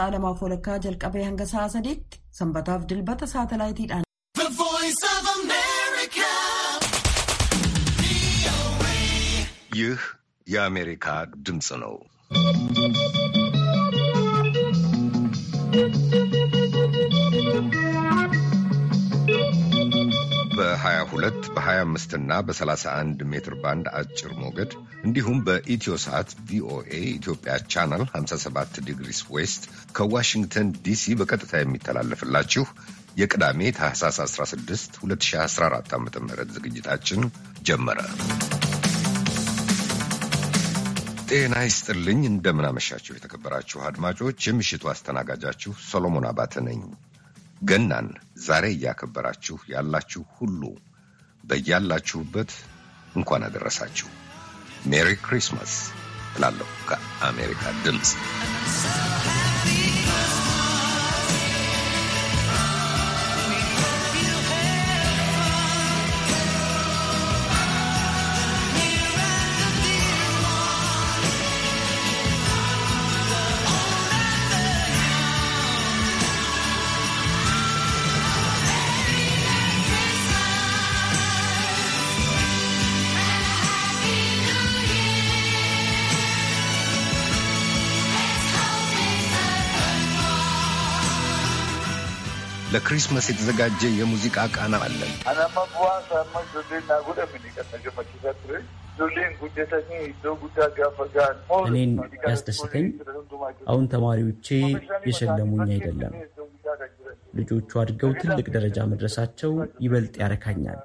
The walakkaa jalqabee hanga sa'a sadiitti sanbataaf dilbata saatalaayitiidhaan. ይህ የአሜሪካ ድምፅ ነው። Thank you. በ22 በ25 እና በ31 ሜትር ባንድ አጭር ሞገድ እንዲሁም ሰዓት ቪኦኤ ኢትዮጵያ ቻናል 57 ዲግሪስ ዌስት ከዋሽንግተን ዲሲ በቀጥታ የሚተላለፍላችሁ የቅዳሜ ታህሳስ 16 2014 ዓ ም ዝግጅታችን ጀመረ። ጤና ይስጥልኝ። እንደምናመሻችሁ የተከበራችሁ አድማጮች፣ የምሽቱ አስተናጋጃችሁ ሰሎሞን አባተ ነኝ። ገናን ዛሬ እያከበራችሁ ያላችሁ ሁሉ በያላችሁበት እንኳን አደረሳችሁ። ሜሪ ክሪስማስ እላለሁ ከአሜሪካ ድምፅ ለክሪስመስ የተዘጋጀ የሙዚቃ ቃና አለን። እኔን ያስደስተኝ አሁን ተማሪዎቼ የሸለሙኝ አይደለም። ልጆቹ አድገው ትልቅ ደረጃ መድረሳቸው ይበልጥ ያረካኛል።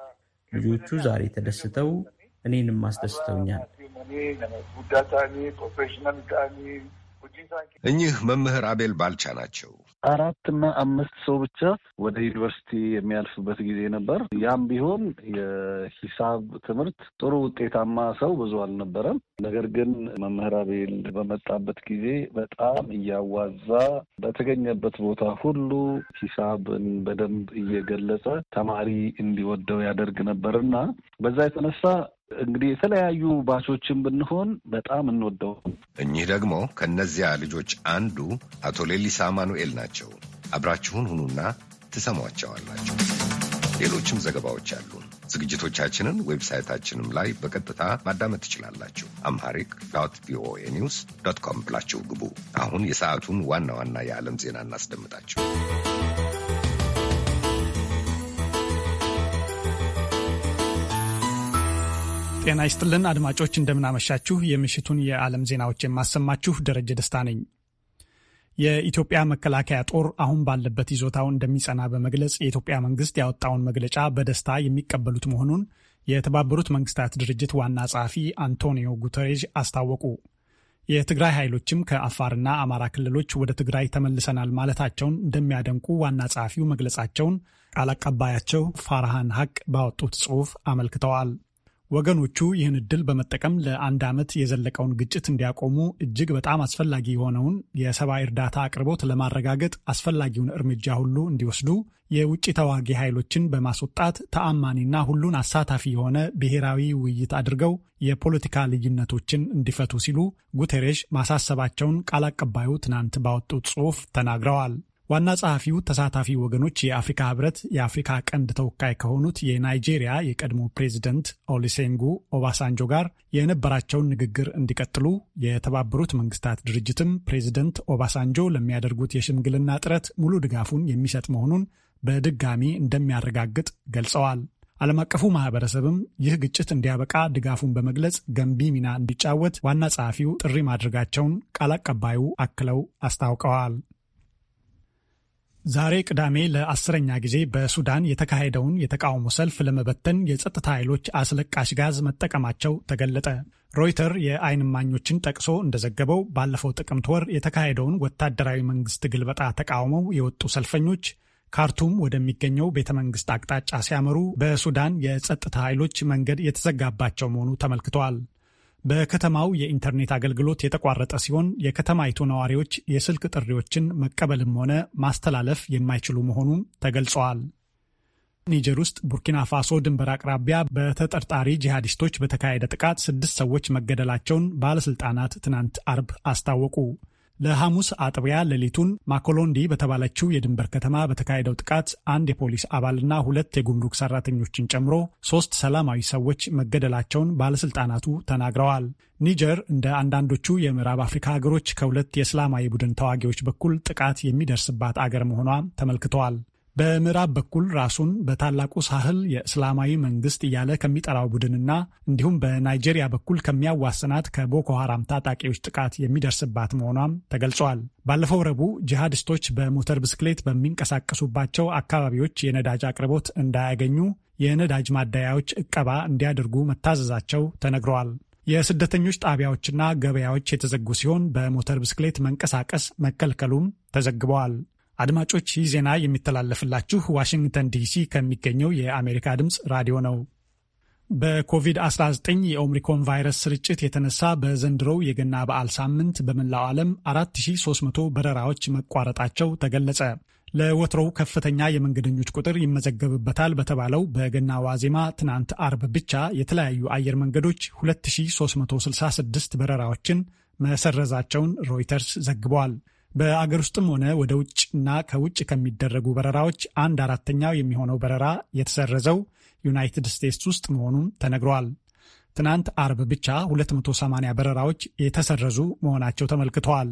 ልጆቹ ዛሬ ተደስተው እኔንም አስደስተውኛል። እኚህ መምህር አቤል ባልቻ ናቸው። አራት እና አምስት ሰው ብቻ ወደ ዩኒቨርሲቲ የሚያልፍበት ጊዜ ነበር። ያም ቢሆን የሂሳብ ትምህርት ጥሩ ውጤታማ ሰው ብዙ አልነበረም። ነገር ግን መምህር አቤል በመጣበት ጊዜ በጣም እያዋዛ በተገኘበት ቦታ ሁሉ ሂሳብን በደንብ እየገለጸ ተማሪ እንዲወደው ያደርግ ነበር እና በዛ የተነሳ እንግዲህ የተለያዩ ባሶችን ብንሆን በጣም እንወደው። እኚህ ደግሞ ከእነዚያ ልጆች አንዱ አቶ ሌሊሳ ማኑኤል ናቸው። አብራችሁን ሁኑና ትሰሟቸዋላችሁ። ሌሎችም ዘገባዎች አሉን። ዝግጅቶቻችንን ዌብሳይታችንም ላይ በቀጥታ ማዳመጥ ትችላላችሁ። አምሃሪክ ዶት ቪኦኤ ኒውስ ዶት ኮም ብላችሁ ግቡ። አሁን የሰዓቱን ዋና ዋና የዓለም ዜና እናስደምጣችሁ። ጤና ይስጥልን አድማጮች፣ እንደምናመሻችሁ። የምሽቱን የዓለም ዜናዎች የማሰማችሁ ደረጀ ደስታ ነኝ። የኢትዮጵያ መከላከያ ጦር አሁን ባለበት ይዞታው እንደሚጸና በመግለጽ የኢትዮጵያ መንግስት ያወጣውን መግለጫ በደስታ የሚቀበሉት መሆኑን የተባበሩት መንግስታት ድርጅት ዋና ጸሐፊ አንቶኒዮ ጉተሬዥ አስታወቁ። የትግራይ ኃይሎችም ከአፋርና አማራ ክልሎች ወደ ትግራይ ተመልሰናል ማለታቸውን እንደሚያደንቁ ዋና ጸሐፊው መግለጻቸውን ቃል አቀባያቸው ፋርሃን ሀቅ ባወጡት ጽሑፍ አመልክተዋል። ወገኖቹ ይህን እድል በመጠቀም ለአንድ ዓመት የዘለቀውን ግጭት እንዲያቆሙ እጅግ በጣም አስፈላጊ የሆነውን የሰብአዊ እርዳታ አቅርቦት ለማረጋገጥ አስፈላጊውን እርምጃ ሁሉ እንዲወስዱ የውጭ ተዋጊ ኃይሎችን በማስወጣት ተአማኒና ሁሉን አሳታፊ የሆነ ብሔራዊ ውይይት አድርገው የፖለቲካ ልዩነቶችን እንዲፈቱ ሲሉ ጉተሬሽ ማሳሰባቸውን ቃል አቀባዩ ትናንት ባወጡት ጽሑፍ ተናግረዋል። ዋና ጸሐፊው ተሳታፊ ወገኖች የአፍሪካ ህብረት የአፍሪካ ቀንድ ተወካይ ከሆኑት የናይጄሪያ የቀድሞ ፕሬዚደንት ኦሊሴንጉ ኦባሳንጆ ጋር የነበራቸውን ንግግር እንዲቀጥሉ፣ የተባበሩት መንግስታት ድርጅትም ፕሬዚደንት ኦባሳንጆ ለሚያደርጉት የሽምግልና ጥረት ሙሉ ድጋፉን የሚሰጥ መሆኑን በድጋሚ እንደሚያረጋግጥ ገልጸዋል። ዓለም አቀፉ ማህበረሰብም ይህ ግጭት እንዲያበቃ ድጋፉን በመግለጽ ገንቢ ሚና እንዲጫወት ዋና ጸሐፊው ጥሪ ማድረጋቸውን ቃል አቀባዩ አክለው አስታውቀዋል። ዛሬ ቅዳሜ ለአስረኛ ጊዜ በሱዳን የተካሄደውን የተቃውሞ ሰልፍ ለመበተን የጸጥታ ኃይሎች አስለቃሽ ጋዝ መጠቀማቸው ተገለጠ። ሮይተር የአይን ማኞችን ጠቅሶ እንደዘገበው ባለፈው ጥቅምት ወር የተካሄደውን ወታደራዊ መንግስት ግልበጣ ተቃውመው የወጡ ሰልፈኞች ካርቱም ወደሚገኘው ቤተ መንግስት አቅጣጫ ሲያመሩ በሱዳን የጸጥታ ኃይሎች መንገድ የተዘጋባቸው መሆኑ ተመልክተዋል። በከተማው የኢንተርኔት አገልግሎት የተቋረጠ ሲሆን የከተማይቱ ነዋሪዎች የስልክ ጥሪዎችን መቀበልም ሆነ ማስተላለፍ የማይችሉ መሆኑን ተገልጸዋል። ኒጀር ውስጥ ቡርኪና ፋሶ ድንበር አቅራቢያ በተጠርጣሪ ጂሃዲስቶች በተካሄደ ጥቃት ስድስት ሰዎች መገደላቸውን ባለስልጣናት ትናንት አርብ አስታወቁ። ለሐሙስ አጥቢያ ሌሊቱን ማኮሎንዲ በተባለችው የድንበር ከተማ በተካሄደው ጥቃት አንድ የፖሊስ አባልና ሁለት የጉምሩክ ሰራተኞችን ጨምሮ ሶስት ሰላማዊ ሰዎች መገደላቸውን ባለስልጣናቱ ተናግረዋል። ኒጀር እንደ አንዳንዶቹ የምዕራብ አፍሪካ ሀገሮች ከሁለት የእስላማዊ ቡድን ተዋጊዎች በኩል ጥቃት የሚደርስባት አገር መሆኗ ተመልክተዋል። በምዕራብ በኩል ራሱን በታላቁ ሳህል የእስላማዊ መንግስት እያለ ከሚጠራው ቡድንና እንዲሁም በናይጄሪያ በኩል ከሚያዋስናት ከቦኮ ሀራም ታጣቂዎች ጥቃት የሚደርስባት መሆኗም ተገልጿል። ባለፈው ረቡዕ ጂሃዲስቶች በሞተር ብስክሌት በሚንቀሳቀሱባቸው አካባቢዎች የነዳጅ አቅርቦት እንዳያገኙ የነዳጅ ማደያዎች እቀባ እንዲያደርጉ መታዘዛቸው ተነግረዋል። የስደተኞች ጣቢያዎችና ገበያዎች የተዘጉ ሲሆን በሞተር ብስክሌት መንቀሳቀስ መከልከሉም ተዘግበዋል። አድማጮች ይህ ዜና የሚተላለፍላችሁ ዋሽንግተን ዲሲ ከሚገኘው የአሜሪካ ድምፅ ራዲዮ ነው። በኮቪድ-19 የኦምሪኮን ቫይረስ ስርጭት የተነሳ በዘንድሮው የገና በዓል ሳምንት በመላው ዓለም 4300 በረራዎች መቋረጣቸው ተገለጸ። ለወትሮው ከፍተኛ የመንገደኞች ቁጥር ይመዘገብበታል በተባለው በገና ዋዜማ ትናንት አርብ ብቻ የተለያዩ አየር መንገዶች 2366 በረራዎችን መሰረዛቸውን ሮይተርስ ዘግበዋል። በአገር ውስጥም ሆነ ወደ ውጭና ከውጭ ከሚደረጉ በረራዎች አንድ አራተኛው የሚሆነው በረራ የተሰረዘው ዩናይትድ ስቴትስ ውስጥ መሆኑን ተነግሯል። ትናንት አርብ ብቻ 280 በረራዎች የተሰረዙ መሆናቸው ተመልክተዋል።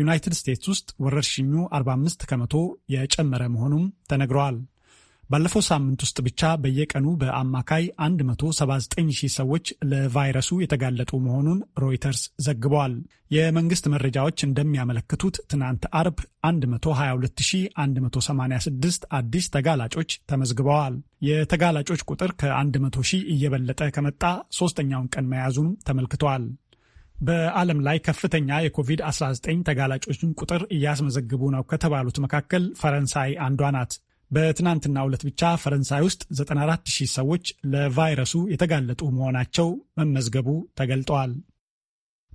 ዩናይትድ ስቴትስ ውስጥ ወረርሽኙ 45 ከመቶ የጨመረ መሆኑም ተነግረዋል። ባለፈው ሳምንት ውስጥ ብቻ በየቀኑ በአማካይ 179 ሺህ ሰዎች ለቫይረሱ የተጋለጡ መሆኑን ሮይተርስ ዘግበዋል። የመንግስት መረጃዎች እንደሚያመለክቱት ትናንት አርብ 122186 አዲስ ተጋላጮች ተመዝግበዋል። የተጋላጮች ቁጥር ከ100 ሺህ እየበለጠ ከመጣ ሦስተኛውን ቀን መያዙንም ተመልክተዋል። በዓለም ላይ ከፍተኛ የኮቪድ-19 ተጋላጮችን ቁጥር እያስመዘግቡ ነው ከተባሉት መካከል ፈረንሳይ አንዷ ናት። በትናንትናው ዕለት ብቻ ፈረንሳይ ውስጥ 94 ሺህ ሰዎች ለቫይረሱ የተጋለጡ መሆናቸው መመዝገቡ ተገልጠዋል።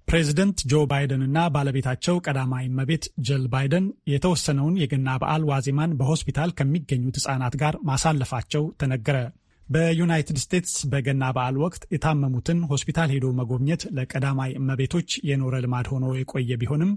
ፕሬዚደንት ጆ ባይደን እና ባለቤታቸው ቀዳማዊ እመቤት ጀል ባይደን የተወሰነውን የገና በዓል ዋዜማን በሆስፒታል ከሚገኙት ሕፃናት ጋር ማሳለፋቸው ተነገረ። በዩናይትድ ስቴትስ በገና በዓል ወቅት የታመሙትን ሆስፒታል ሄዶ መጎብኘት ለቀዳማይ እመቤቶች የኖረ ልማድ ሆኖ የቆየ ቢሆንም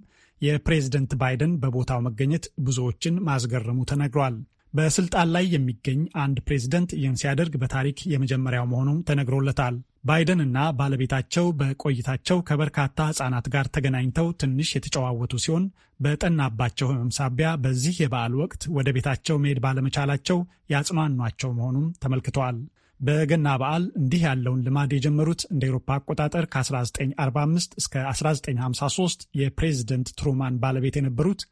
የፕሬዚደንት ባይደን በቦታው መገኘት ብዙዎችን ማስገረሙ ተነግሯል። በስልጣን ላይ የሚገኝ አንድ ፕሬዝደንት ይህን ሲያደርግ በታሪክ የመጀመሪያው መሆኑም ተነግሮለታል። ባይደን እና ባለቤታቸው በቆይታቸው ከበርካታ ሕጻናት ጋር ተገናኝተው ትንሽ የተጨዋወቱ ሲሆን በጠናባቸው ሕመም ሳቢያ በዚህ የበዓል ወቅት ወደ ቤታቸው መሄድ ባለመቻላቸው ያጽናኗቸው መሆኑም ተመልክተዋል። በገና በዓል እንዲህ ያለውን ልማድ የጀመሩት እንደ ኤሮፓ አቆጣጠር ከ1945 እስከ 1953 የፕሬዝደንት ትሩማን ባለቤት የነበሩት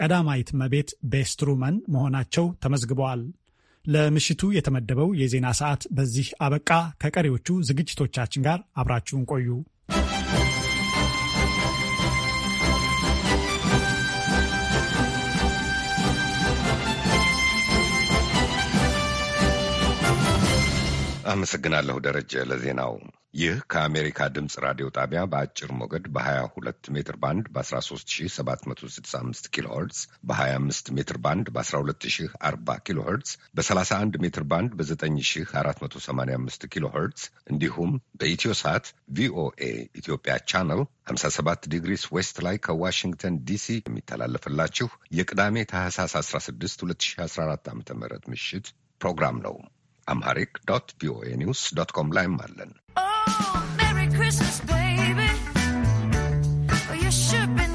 ቀዳማዊት እመቤት ቤስትሩመን መሆናቸው ተመዝግበዋል። ለምሽቱ የተመደበው የዜና ሰዓት በዚህ አበቃ። ከቀሪዎቹ ዝግጅቶቻችን ጋር አብራችሁን ቆዩ። አመሰግናለሁ ደረጀ ለዜናው። ይህ ከአሜሪካ ድምፅ ራዲዮ ጣቢያ በአጭር ሞገድ በ22 ሜትር ባንድ በ13765 ኪሎ በ25 ሜትር ባንድ በ1240 ኪሎ በ31 ሜትር ባንድ በ9485 ኪሎ እንዲሁም በኢትዮ ሳት ቪኦኤ ኢትዮጵያ ቻናል 57 ዲግሪስ ዌስት ላይ ከዋሽንግተን ዲሲ የሚተላለፍላችሁ የቅዳሜ ታህሳስ 16 2014 ዓ ም ምሽት ፕሮግራም ነው። አምሃሪክ ዶት ቪኦኤ ኒውስ ዶት ኮም ላይም አለን። Merry Christmas, baby. Well, you should be.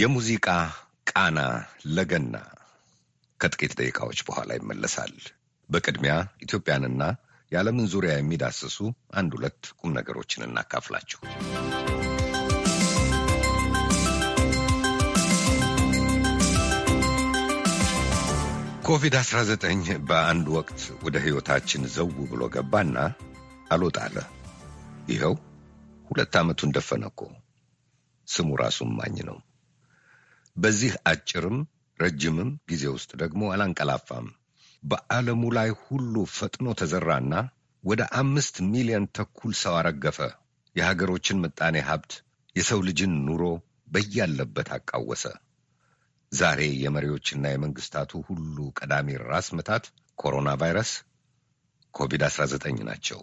የሙዚቃ ቃና ለገና ከጥቂት ደቂቃዎች በኋላ ይመለሳል። በቅድሚያ ኢትዮጵያንና የዓለምን ዙሪያ የሚዳስሱ አንድ ሁለት ቁም ነገሮችን እናካፍላችሁ። ኮቪድ-19 በአንድ ወቅት ወደ ሕይወታችን ዘው ብሎ ገባና አልወጣለ። ይኸው ሁለት ዓመቱን ደፈነ እኮ። ስሙ ራሱም ማኝ ነው። በዚህ አጭርም ረጅምም ጊዜ ውስጥ ደግሞ አላንቀላፋም። በዓለሙ ላይ ሁሉ ፈጥኖ ተዘራና ወደ አምስት ሚሊዮን ተኩል ሰው አረገፈ። የሀገሮችን ምጣኔ ሀብት፣ የሰው ልጅን ኑሮ በያለበት አቃወሰ። ዛሬ የመሪዎችና የመንግስታቱ ሁሉ ቀዳሚ ራስ ምታት ኮሮና ቫይረስ፣ ኮቪድ-19 ናቸው።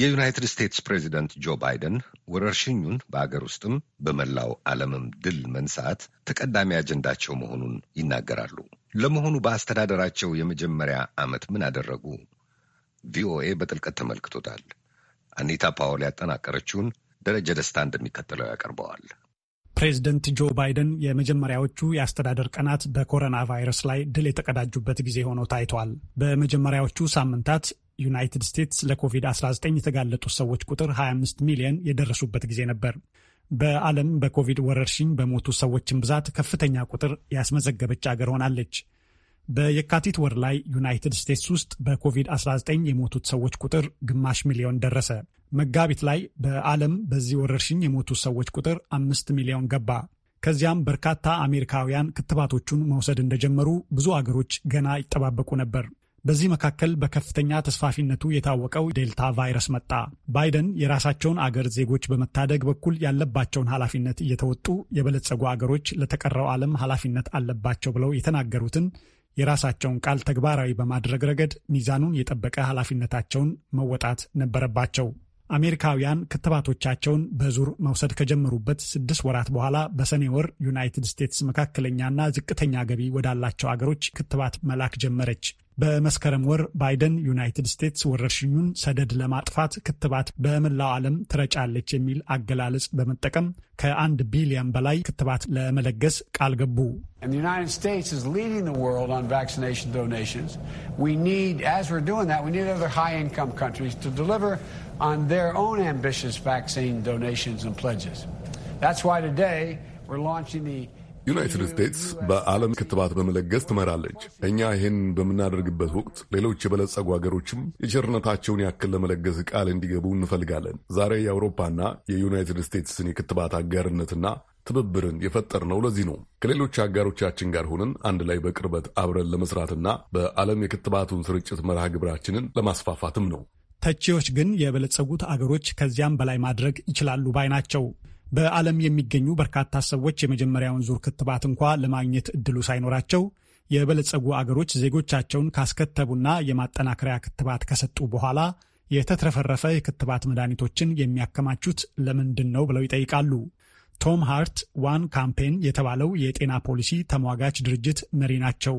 የዩናይትድ ስቴትስ ፕሬዚደንት ጆ ባይደን ወረርሽኙን በአገር ውስጥም በመላው ዓለምም ድል መንሳት ተቀዳሚ አጀንዳቸው መሆኑን ይናገራሉ። ለመሆኑ በአስተዳደራቸው የመጀመሪያ ዓመት ምን አደረጉ? ቪኦኤ በጥልቀት ተመልክቶታል። አኒታ ፓወል ያጠናቀረችውን ደረጀ ደስታ እንደሚከተለው ያቀርበዋል። ፕሬዚደንት ጆ ባይደን የመጀመሪያዎቹ የአስተዳደር ቀናት በኮሮና ቫይረስ ላይ ድል የተቀዳጁበት ጊዜ ሆኖ ታይቷል። በመጀመሪያዎቹ ሳምንታት ዩናይትድ ስቴትስ ለኮቪድ-19 የተጋለጡ ሰዎች ቁጥር 25 ሚሊዮን የደረሱበት ጊዜ ነበር። በዓለም በኮቪድ ወረርሽኝ በሞቱ ሰዎችን ብዛት ከፍተኛ ቁጥር ያስመዘገበች አገር ሆናለች። በየካቲት ወር ላይ ዩናይትድ ስቴትስ ውስጥ በኮቪድ-19 የሞቱት ሰዎች ቁጥር ግማሽ ሚሊዮን ደረሰ። መጋቢት ላይ በዓለም በዚህ ወረርሽኝ የሞቱ ሰዎች ቁጥር አምስት ሚሊዮን ገባ። ከዚያም በርካታ አሜሪካውያን ክትባቶቹን መውሰድ እንደጀመሩ ብዙ አገሮች ገና ይጠባበቁ ነበር። በዚህ መካከል በከፍተኛ ተስፋፊነቱ የታወቀው ዴልታ ቫይረስ መጣ። ባይደን የራሳቸውን አገር ዜጎች በመታደግ በኩል ያለባቸውን ኃላፊነት እየተወጡ የበለጸጉ አገሮች ለተቀረው ዓለም ኃላፊነት አለባቸው ብለው የተናገሩትን የራሳቸውን ቃል ተግባራዊ በማድረግ ረገድ ሚዛኑን የጠበቀ ኃላፊነታቸውን መወጣት ነበረባቸው። አሜሪካውያን ክትባቶቻቸውን በዙር መውሰድ ከጀመሩበት ስድስት ወራት በኋላ በሰኔ ወር ዩናይትድ ስቴትስ መካከለኛና ዝቅተኛ ገቢ ወዳላቸው አገሮች ክትባት መላክ ጀመረች። በመስከረም ወር ባይደን ዩናይትድ ስቴትስ ወረርሽኙን ሰደድ ለማጥፋት ክትባት በመላው ዓለም ትረጫለች የሚል አገላለጽ በመጠቀም ከአንድ ቢሊዮን በላይ ክትባት ለመለገስ ቃል ገቡ። ዩናይትድ ዩናይትድ ስቴትስ በዓለም ክትባት በመለገስ ትመራለች። እኛ ይህን በምናደርግበት ወቅት ሌሎች የበለጸጉ ሀገሮችም የቸርነታቸውን ያክል ለመለገስ ቃል እንዲገቡ እንፈልጋለን። ዛሬ የአውሮፓና የዩናይትድ ስቴትስን የክትባት አጋርነትና ትብብርን ነው። ለዚህ ነው። ከሌሎች አጋሮቻችን ጋር ሆነን አንድ ላይ በቅርበት አብረን ለመስራትና በዓለም የክትባቱን ስርጭት መርሃ ግብራችንን ለማስፋፋትም ነው። ተቺዎች ግን የበለጸጉት አገሮች ከዚያም በላይ ማድረግ ይችላሉ ባይ ናቸው። በዓለም የሚገኙ በርካታ ሰዎች የመጀመሪያውን ዙር ክትባት እንኳ ለማግኘት እድሉ ሳይኖራቸው የበለጸጉ አገሮች ዜጎቻቸውን ካስከተቡና የማጠናከሪያ ክትባት ከሰጡ በኋላ የተትረፈረፈ የክትባት መድኃኒቶችን የሚያከማቹት ለምንድን ነው ብለው ይጠይቃሉ። ቶም ሃርት ዋን ካምፔን የተባለው የጤና ፖሊሲ ተሟጋች ድርጅት መሪ ናቸው።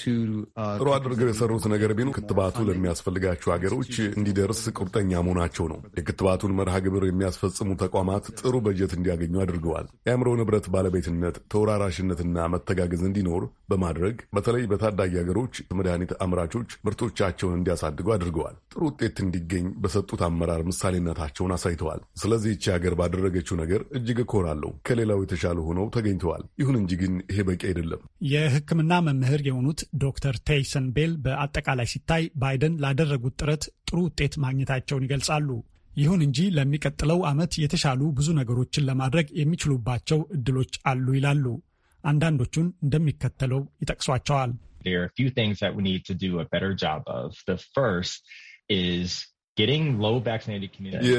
Uh, ጥሩ አድርገው የሰሩት ነገር ቢኖር ክትባቱ ለሚያስፈልጋቸው ሀገሮች እንዲደርስ ቁርጠኛ መሆናቸው ነው። የክትባቱን መርሃ ግብር የሚያስፈጽሙ ተቋማት ጥሩ በጀት እንዲያገኙ አድርገዋል። የአእምሮ ንብረት ባለቤትነት ተወራራሽነትና መተጋገዝ እንዲኖር በማድረግ በተለይ በታዳጊ ሀገሮች መድኃኒት አምራቾች ምርቶቻቸውን እንዲያሳድጉ አድርገዋል። ጥሩ ውጤት እንዲገኝ በሰጡት አመራር ምሳሌነታቸውን አሳይተዋል። ስለዚህ ይቺ ሀገር ባደረገችው ነገር እጅግ እኮራለሁ። ከሌላው የተሻለ ሆነው ተገኝተዋል። ይሁን እንጂ ግን ይሄ በቂ አይደለም። የሕክምና መምህር የሆኑት ዶክተር ቴይሰን ቤል በአጠቃላይ ሲታይ ባይደን ላደረጉት ጥረት ጥሩ ውጤት ማግኘታቸውን ይገልጻሉ። ይሁን እንጂ ለሚቀጥለው ዓመት የተሻሉ ብዙ ነገሮችን ለማድረግ የሚችሉባቸው እድሎች አሉ ይላሉ። አንዳንዶቹን እንደሚከተለው ይጠቅሷቸዋል።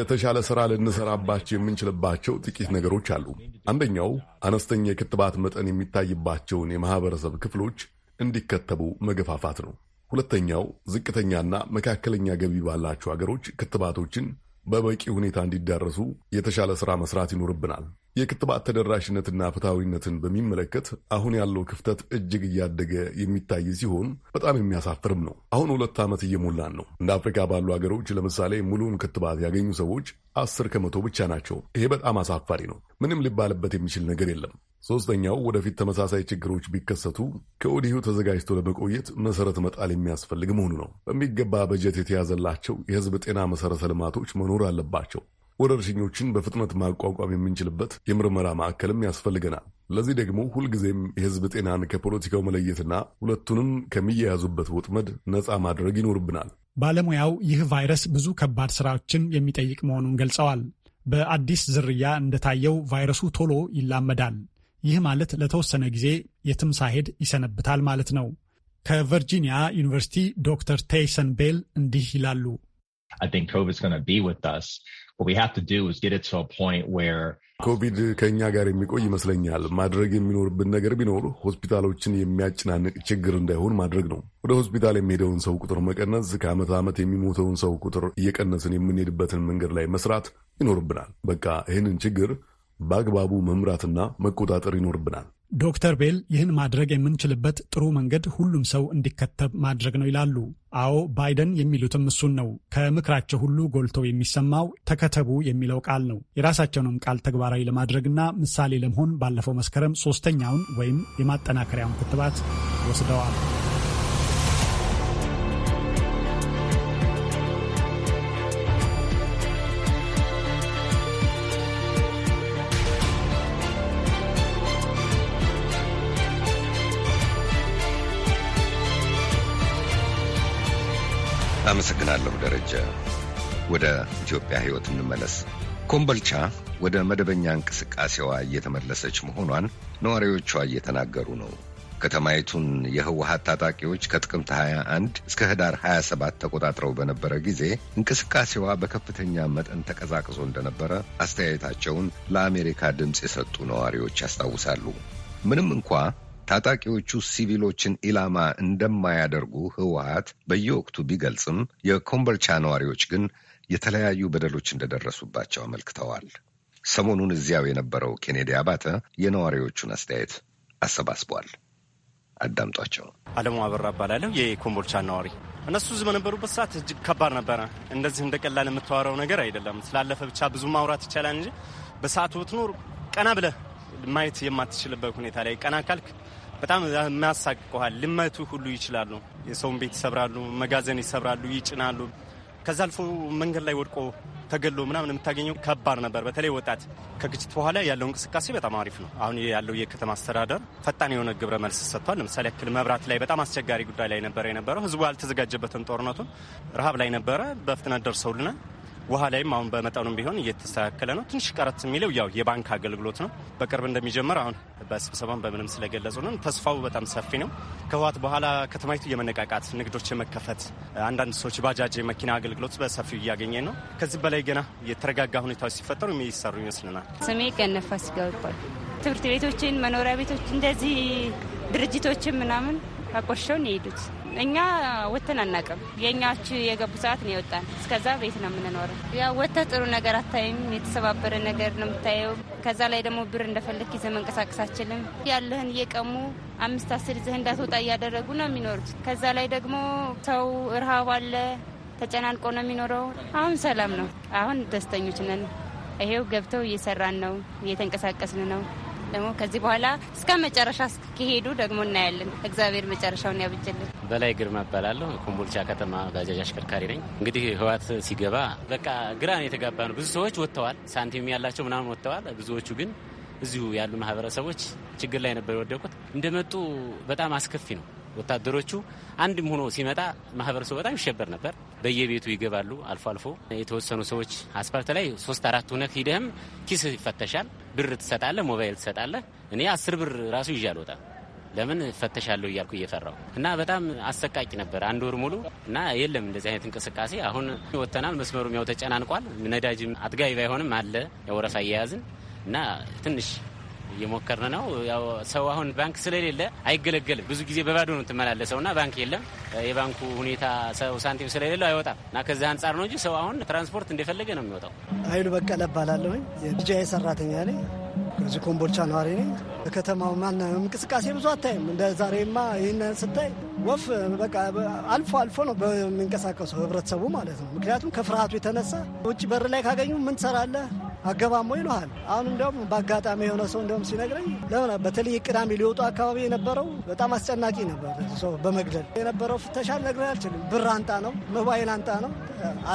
የተሻለ ስራ ልንሰራባቸው የምንችልባቸው ጥቂት ነገሮች አሉ። አንደኛው አነስተኛ የክትባት መጠን የሚታይባቸውን የማህበረሰብ ክፍሎች እንዲከተቡ መገፋፋት ነው። ሁለተኛው ዝቅተኛና መካከለኛ ገቢ ባላቸው ሀገሮች ክትባቶችን በበቂ ሁኔታ እንዲዳረሱ የተሻለ ስራ መስራት ይኖርብናል። የክትባት ተደራሽነትና ፍትሐዊነትን በሚመለከት አሁን ያለው ክፍተት እጅግ እያደገ የሚታይ ሲሆን በጣም የሚያሳፍርም ነው። አሁን ሁለት ዓመት እየሞላን ነው። እንደ አፍሪካ ባሉ ሀገሮች ለምሳሌ ሙሉውን ክትባት ያገኙ ሰዎች አስር ከመቶ ብቻ ናቸው። ይሄ በጣም አሳፋሪ ነው። ምንም ሊባልበት የሚችል ነገር የለም። ሶስተኛው ወደፊት ተመሳሳይ ችግሮች ቢከሰቱ ከወዲሁ ተዘጋጅቶ ለመቆየት መሰረት መጣል የሚያስፈልግ መሆኑ ነው። በሚገባ በጀት የተያዘላቸው የህዝብ ጤና መሰረተ ልማቶች መኖር አለባቸው። ወረርሽኞችን በፍጥነት ማቋቋም የምንችልበት የምርመራ ማዕከልም ያስፈልገናል። ለዚህ ደግሞ ሁልጊዜም የህዝብ ጤናን ከፖለቲካው መለየትና ሁለቱንም ከሚያያዙበት ወጥመድ ነፃ ማድረግ ይኖርብናል። ባለሙያው ይህ ቫይረስ ብዙ ከባድ ስራዎችን የሚጠይቅ መሆኑን ገልጸዋል። በአዲስ ዝርያ እንደታየው ቫይረሱ ቶሎ ይላመዳል። ይህ ማለት ለተወሰነ ጊዜ የትም ሳሄድ ይሰነብታል ማለት ነው። ከቨርጂኒያ ዩኒቨርሲቲ ዶክተር ቴይሰን ቤል እንዲህ ይላሉ። ኮቪድ ከእኛ ጋር የሚቆይ ይመስለኛል። ማድረግ የሚኖርብን ነገር ቢኖር ሆስፒታሎችን የሚያጨናንቅ ችግር እንዳይሆን ማድረግ ነው። ወደ ሆስፒታል የሚሄደውን ሰው ቁጥር መቀነስ፣ ከዓመት ዓመት የሚሞተውን ሰው ቁጥር እየቀነስን የምንሄድበትን መንገድ ላይ መስራት ይኖርብናል። በቃ ይህንን ችግር በአግባቡ መምራትና መቆጣጠር ይኖርብናል። ዶክተር ቤል ይህን ማድረግ የምንችልበት ጥሩ መንገድ ሁሉም ሰው እንዲከተብ ማድረግ ነው ይላሉ። አዎ ባይደን የሚሉትም እሱን ነው። ከምክራቸው ሁሉ ጎልቶ የሚሰማው ተከተቡ የሚለው ቃል ነው። የራሳቸውንም ቃል ተግባራዊ ለማድረግና ምሳሌ ለመሆን ባለፈው መስከረም ሶስተኛውን ወይም የማጠናከሪያውን ክትባት ወስደዋል። አመሰግናለሁ ደረጀ። ወደ ኢትዮጵያ ሕይወት እንመለስ። ኮምቦልቻ ወደ መደበኛ እንቅስቃሴዋ እየተመለሰች መሆኗን ነዋሪዎቿ እየተናገሩ ነው። ከተማይቱን የህወሀት ታጣቂዎች ከጥቅምት 21 እስከ ህዳር 27 ተቆጣጥረው በነበረ ጊዜ እንቅስቃሴዋ በከፍተኛ መጠን ተቀዛቅዞ እንደነበረ አስተያየታቸውን ለአሜሪካ ድምፅ የሰጡ ነዋሪዎች ያስታውሳሉ። ምንም እንኳ ታጣቂዎቹ ሲቪሎችን ኢላማ እንደማያደርጉ ህወሀት በየወቅቱ ቢገልጽም የኮምቦልቻ ነዋሪዎች ግን የተለያዩ በደሎች እንደደረሱባቸው አመልክተዋል። ሰሞኑን እዚያው የነበረው ኬኔዲ አባተ የነዋሪዎቹን አስተያየት አሰባስቧል። አዳምጧቸው። አለሙ አበራ እባላለሁ። የኮምቦልቻ ነዋሪ እነሱ እዚህ በነበሩበት ሰዓት እጅግ ከባድ ነበረ። እንደዚህ እንደ ቀላል የምታወራው ነገር አይደለም። ስላለፈ ብቻ ብዙ ማውራት ይቻላል እንጂ በሰዓቱ ብትኖር ቀና ብለህ ማየት የማትችልበት ሁኔታ ላይ ቀና ካልክ በጣም የሚያሳቅቀዋል። ልመቱ ሁሉ ይችላሉ። የሰውን ቤት ይሰብራሉ፣ መጋዘን ይሰብራሉ፣ ይጭናሉ። ከዛ አልፎ መንገድ ላይ ወድቆ ተገሎ ምናምን የምታገኘው ከባድ ነበር። በተለይ ወጣት ከግጭት በኋላ ያለው እንቅስቃሴ በጣም አሪፍ ነው። አሁን ያለው የከተማ አስተዳደር ፈጣን የሆነ ግብረ መልስ ሰጥቷል። ለምሳሌ ያክል መብራት ላይ በጣም አስቸጋሪ ጉዳይ ላይ ነበረ የነበረው ህዝቡ ያልተዘጋጀበትን ጦርነቱ ረሃብ ላይ ነበረ። በፍጥነት ደርሰውልናል። ውሃ ላይም አሁን በመጠኑም ቢሆን እየተስተካከለ ነው። ትንሽ ቀረት የሚለው ያው የባንክ አገልግሎት ነው። በቅርብ እንደሚጀመር አሁን በስብሰባም በምንም ነው ተስፋው በጣም ሰፊ ነው። ከህወሓት በኋላ ከተማይቱ የመነቃቃት ንግዶች የመከፈት አንዳንድ ሰዎች ባጃጅ፣ መኪና አገልግሎት በሰፊው እያገኘ ነው። ከዚህ በላይ ገና የተረጋጋ ሁኔታዎች ሲፈጠሩ የሚሰሩ ይመስልናል። ስሜ ገነፋስ ይገባል። ትምህርት ቤቶችን፣ መኖሪያ ቤቶች እንደዚህ ድርጅቶችን ምናምን አቆሸውን የሄዱት እኛ ወተን አናቅም። የእኛች የገቡ ሰዓት ነው የወጣን። እስከዛ ቤት ነው የምንኖረው። ያ ወተ ጥሩ ነገር አታይም። የተሰባበረ ነገር ነው የምታየው። ከዛ ላይ ደግሞ ብር እንደፈለግ ይዘ መንቀሳቀስ አችልም። ያለህን እየቀሙ አምስት አስር ይዘህ እንዳትወጣ እያደረጉ ነው የሚኖሩት። ከዛ ላይ ደግሞ ሰው እርሃብ አለ፣ ተጨናንቆ ነው የሚኖረው። አሁን ሰላም ነው። አሁን ደስተኞች ነን። ይሄው ገብተው እየሰራን ነው፣ እየተንቀሳቀስን ነው። ደግሞ ከዚህ በኋላ እስከ መጨረሻ እስከሄዱ ደግሞ እናያለን። እግዚአብሔር መጨረሻውን ያብጅልን። በላይ ግርማ እባላለሁ። ኮምቦልቻ ከተማ ባጃጅ አሽከርካሪ ነኝ። እንግዲህ ህወሓት ሲገባ በቃ ግራን የተጋባ ነው። ብዙ ሰዎች ወጥተዋል፣ ሳንቲም ያላቸው ምናምን ወጥተዋል። ብዙዎቹ ግን እዚሁ ያሉ ማህበረሰቦች ችግር ላይ ነበር የወደቁት። እንደመጡ በጣም አስከፊ ነው። ወታደሮቹ አንድም ሆኖ ሲመጣ ማህበረሰቡ በጣም ይሸበር ነበር። በየቤቱ ይገባሉ። አልፎ አልፎ የተወሰኑ ሰዎች አስፓልት ላይ ሶስት አራት ሁነት ሂደህም ኪስ ይፈተሻል። ብር ትሰጣለህ፣ ሞባይል ትሰጣለህ። እኔ አስር ብር ራሱ ይዤ አልወጣም። ለምን ፈተሻለሁ እያልኩ እየፈራው እና በጣም አሰቃቂ ነበር አንድ ወር ሙሉ እና የለም እንደዚህ አይነት እንቅስቃሴ አሁን ወተናል። መስመሩም ያው ተጨናንቋል። ነዳጅም አጥጋቢ ባይሆንም አለ ወረፋ እየያዝን እና ትንሽ እየሞከርን ነው። ያው ሰው አሁን ባንክ ስለሌለ አይገለገልም። ብዙ ጊዜ በባዶ ነው የምትመላለሰው እና ባንክ የለም። የባንኩ ሁኔታ ሰው ሳንቲም ስለሌለው አይወጣም እና ከዚህ አንጻር ነው እንጂ ሰው አሁን ትራንስፖርት እንደፈለገ ነው የሚወጣው። ኃይሉ በቀለ እባላለሁኝ። የቢጃይ ሰራተኛ ነኝ። ከዚህ ኮምቦልቻ ነዋሪ ነኝ። ከተማው ማና እንቅስቃሴ ብዙ አታይም። እንደ ዛሬማ ይህንን ስታይ ወፍ በቃ አልፎ አልፎ ነው በሚንቀሳቀሰው ህብረተሰቡ ማለት ነው። ምክንያቱም ከፍርሃቱ የተነሳ ውጭ በር ላይ ካገኙ ምን ትሰራለህ አገባሞ ይልሃል። አሁን እንዲያውም በአጋጣሚ የሆነ ሰው እንዲያውም ሲነግረኝ ለምን በተለይ ቅዳሜ ሊወጡ አካባቢ የነበረው በጣም አስጨናቂ ነበር። ሰው በመግደል የነበረው ፍተሻ ልነግርህ አልችልም። ብር አንጣ ነው፣ ሞባይል አንጣ ነው።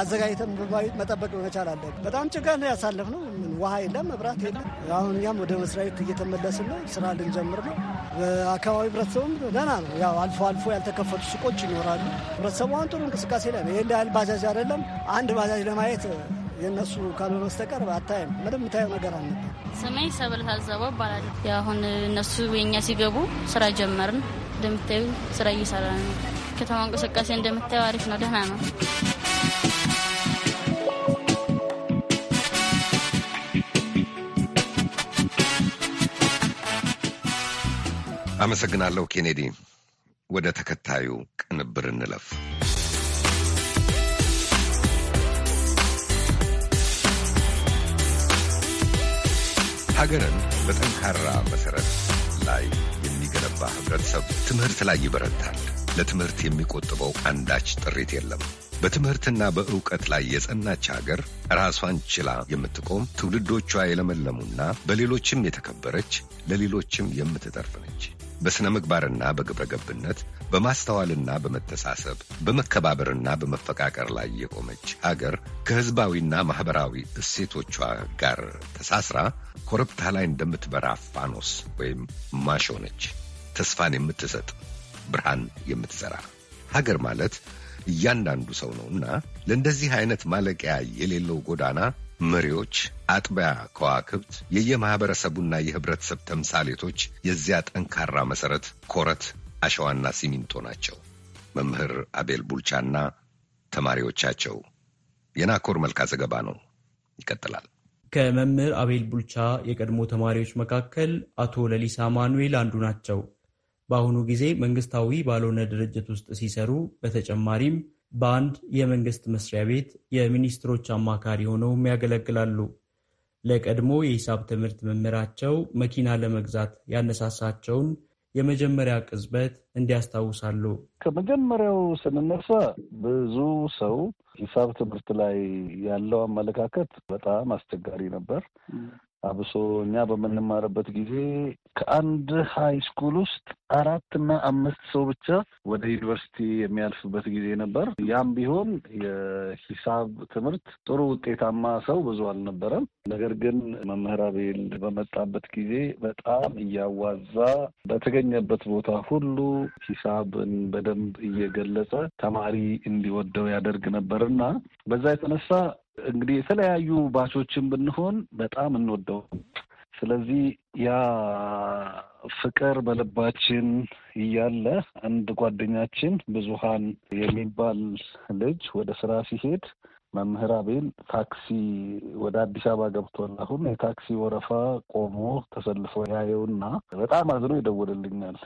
አዘጋጅተን ሞባይል መጠበቅ መቻል አለ። በጣም ጭንቀት ነው ያሳለፍነው። ውሃ የለም፣ መብራት የለም። አሁን እኛም ወደ መስሪያ ቤት እየተመለስን ነው። ስራ ልንጀምር ነው። በአካባቢ ህብረተሰቡም ደህና ነው። ያው አልፎ አልፎ ያልተከፈቱ ሱቆች ይኖራሉ። ህብረተሰቡ አሁን ጥሩ እንቅስቃሴ ላይ ነው። ይህን ያህል ባጃጅ አይደለም አንድ ባጃጅ ለማየት የእነሱ ካልሆነ በስተቀር አታይም። ምንም ታየው ነገር አለ። ስሜ ሰብል ታዘበው ይባላል። አሁን እነሱ የኛ ሲገቡ ስራ ጀመርን። እንደምታዩ ስራ እየሰራ ነው። ከተማ እንቅስቃሴ እንደምታየው አሪፍ ነው፣ ደህና ነው። አመሰግናለሁ ኬኔዲ። ወደ ተከታዩ ቅንብር እንለፍ። ሀገርን በጠንካራ መሠረት ላይ የሚገነባ ህብረተሰብ ትምህርት ላይ ይበረታል። ለትምህርት የሚቆጥበው አንዳች ጥሪት የለም። በትምህርትና በእውቀት ላይ የጸናች ሀገር ራሷን ችላ የምትቆም ትውልዶቿ የለመለሙና በሌሎችም የተከበረች ለሌሎችም የምትጠርፍ ነች። በሥነ ምግባርና በግብረ ገብነት፣ በማስተዋልና በመተሳሰብ፣ በመከባበርና በመፈቃቀር ላይ የቆመች ሀገር ከሕዝባዊና ማኅበራዊ እሴቶቿ ጋር ተሳስራ ኮረብታ ላይ እንደምትበራ ፋኖስ ወይም ማሾ ነች። ተስፋን የምትሰጥ ብርሃን የምትዘራ ሀገር ማለት እያንዳንዱ ሰው ነው እና ለእንደዚህ አይነት ማለቂያ የሌለው ጎዳና መሪዎች፣ አጥቢያ ከዋክብት፣ የየማኅበረሰቡና የህብረተሰብ ተምሳሌቶች የዚያ ጠንካራ መሠረት ኮረት፣ አሸዋና ሲሚንቶ ናቸው። መምህር አቤል ቡልቻና ተማሪዎቻቸው የናኮር መልካ ዘገባ ነው። ይቀጥላል። ከመምህር አቤል ቡልቻ የቀድሞ ተማሪዎች መካከል አቶ ለሊሳ ማኑኤል አንዱ ናቸው። በአሁኑ ጊዜ መንግስታዊ ባልሆነ ድርጅት ውስጥ ሲሰሩ በተጨማሪም በአንድ የመንግስት መስሪያ ቤት የሚኒስትሮች አማካሪ ሆነውም ያገለግላሉ። ለቀድሞ የሂሳብ ትምህርት መምህራቸው መኪና ለመግዛት ያነሳሳቸውን የመጀመሪያ ቅጽበት እንዲያስታውሳሉ። ከመጀመሪያው ስንነሳ ብዙ ሰው ሂሳብ ትምህርት ላይ ያለው አመለካከት በጣም አስቸጋሪ ነበር። አብሶ እኛ በምንማርበት ጊዜ ከአንድ ሀይ ስኩል ውስጥ አራትና አምስት ሰው ብቻ ወደ ዩኒቨርሲቲ የሚያልፍበት ጊዜ ነበር። ያም ቢሆን የሂሳብ ትምህርት ጥሩ ውጤታማ ሰው ብዙ አልነበረም። ነገር ግን መምህር አቤል በመጣበት ጊዜ በጣም እያዋዛ በተገኘበት ቦታ ሁሉ ሂሳብን በደንብ እየገለጸ ተማሪ እንዲወደው ያደርግ ነበርና በዛ የተነሳ እንግዲህ የተለያዩ ባቾችን ብንሆን በጣም እንወደው። ስለዚህ ያ ፍቅር በልባችን እያለ አንድ ጓደኛችን ብዙሀን የሚባል ልጅ ወደ ስራ ሲሄድ መምህር አቤል ታክሲ ወደ አዲስ አበባ ገብቷል። አሁን የታክሲ ወረፋ ቆሞ ተሰልፎ ያየውና በጣም አዝኖ ይደውልልኛል።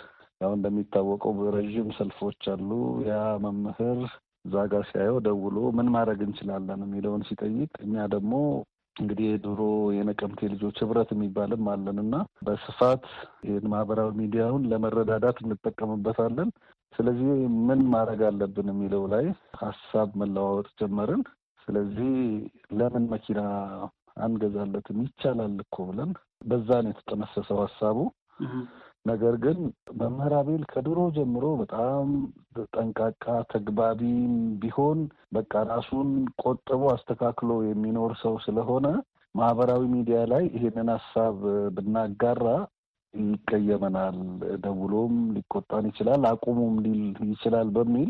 ያው እንደሚታወቀው ረዥም ሰልፎች አሉ። ያ መምህር እዛ ጋር ሲያየው ደውሎ ምን ማድረግ እንችላለን የሚለውን ሲጠይቅ እኛ ደግሞ እንግዲህ የድሮ የነቀምቴ ልጆች ህብረት የሚባልም አለን እና በስፋት ይህን ማህበራዊ ሚዲያውን ለመረዳዳት እንጠቀምበታለን። ስለዚህ ምን ማድረግ አለብን የሚለው ላይ ሀሳብ መለዋወጥ ጀመርን። ስለዚህ ለምን መኪና አንገዛለትም? ይቻላል እኮ ብለን በዛ ነው የተጠነሰሰው ሀሳቡ። ነገር ግን መምህር አቤል ከድሮ ጀምሮ በጣም ጠንቃቃ ተግባቢም ቢሆን በቃ ራሱን ቆጥቦ አስተካክሎ የሚኖር ሰው ስለሆነ ማህበራዊ ሚዲያ ላይ ይሄንን ሀሳብ ብናጋራ ይቀየመናል፣ ደውሎም ሊቆጣን ይችላል፣ አቁሙም ሊል ይችላል በሚል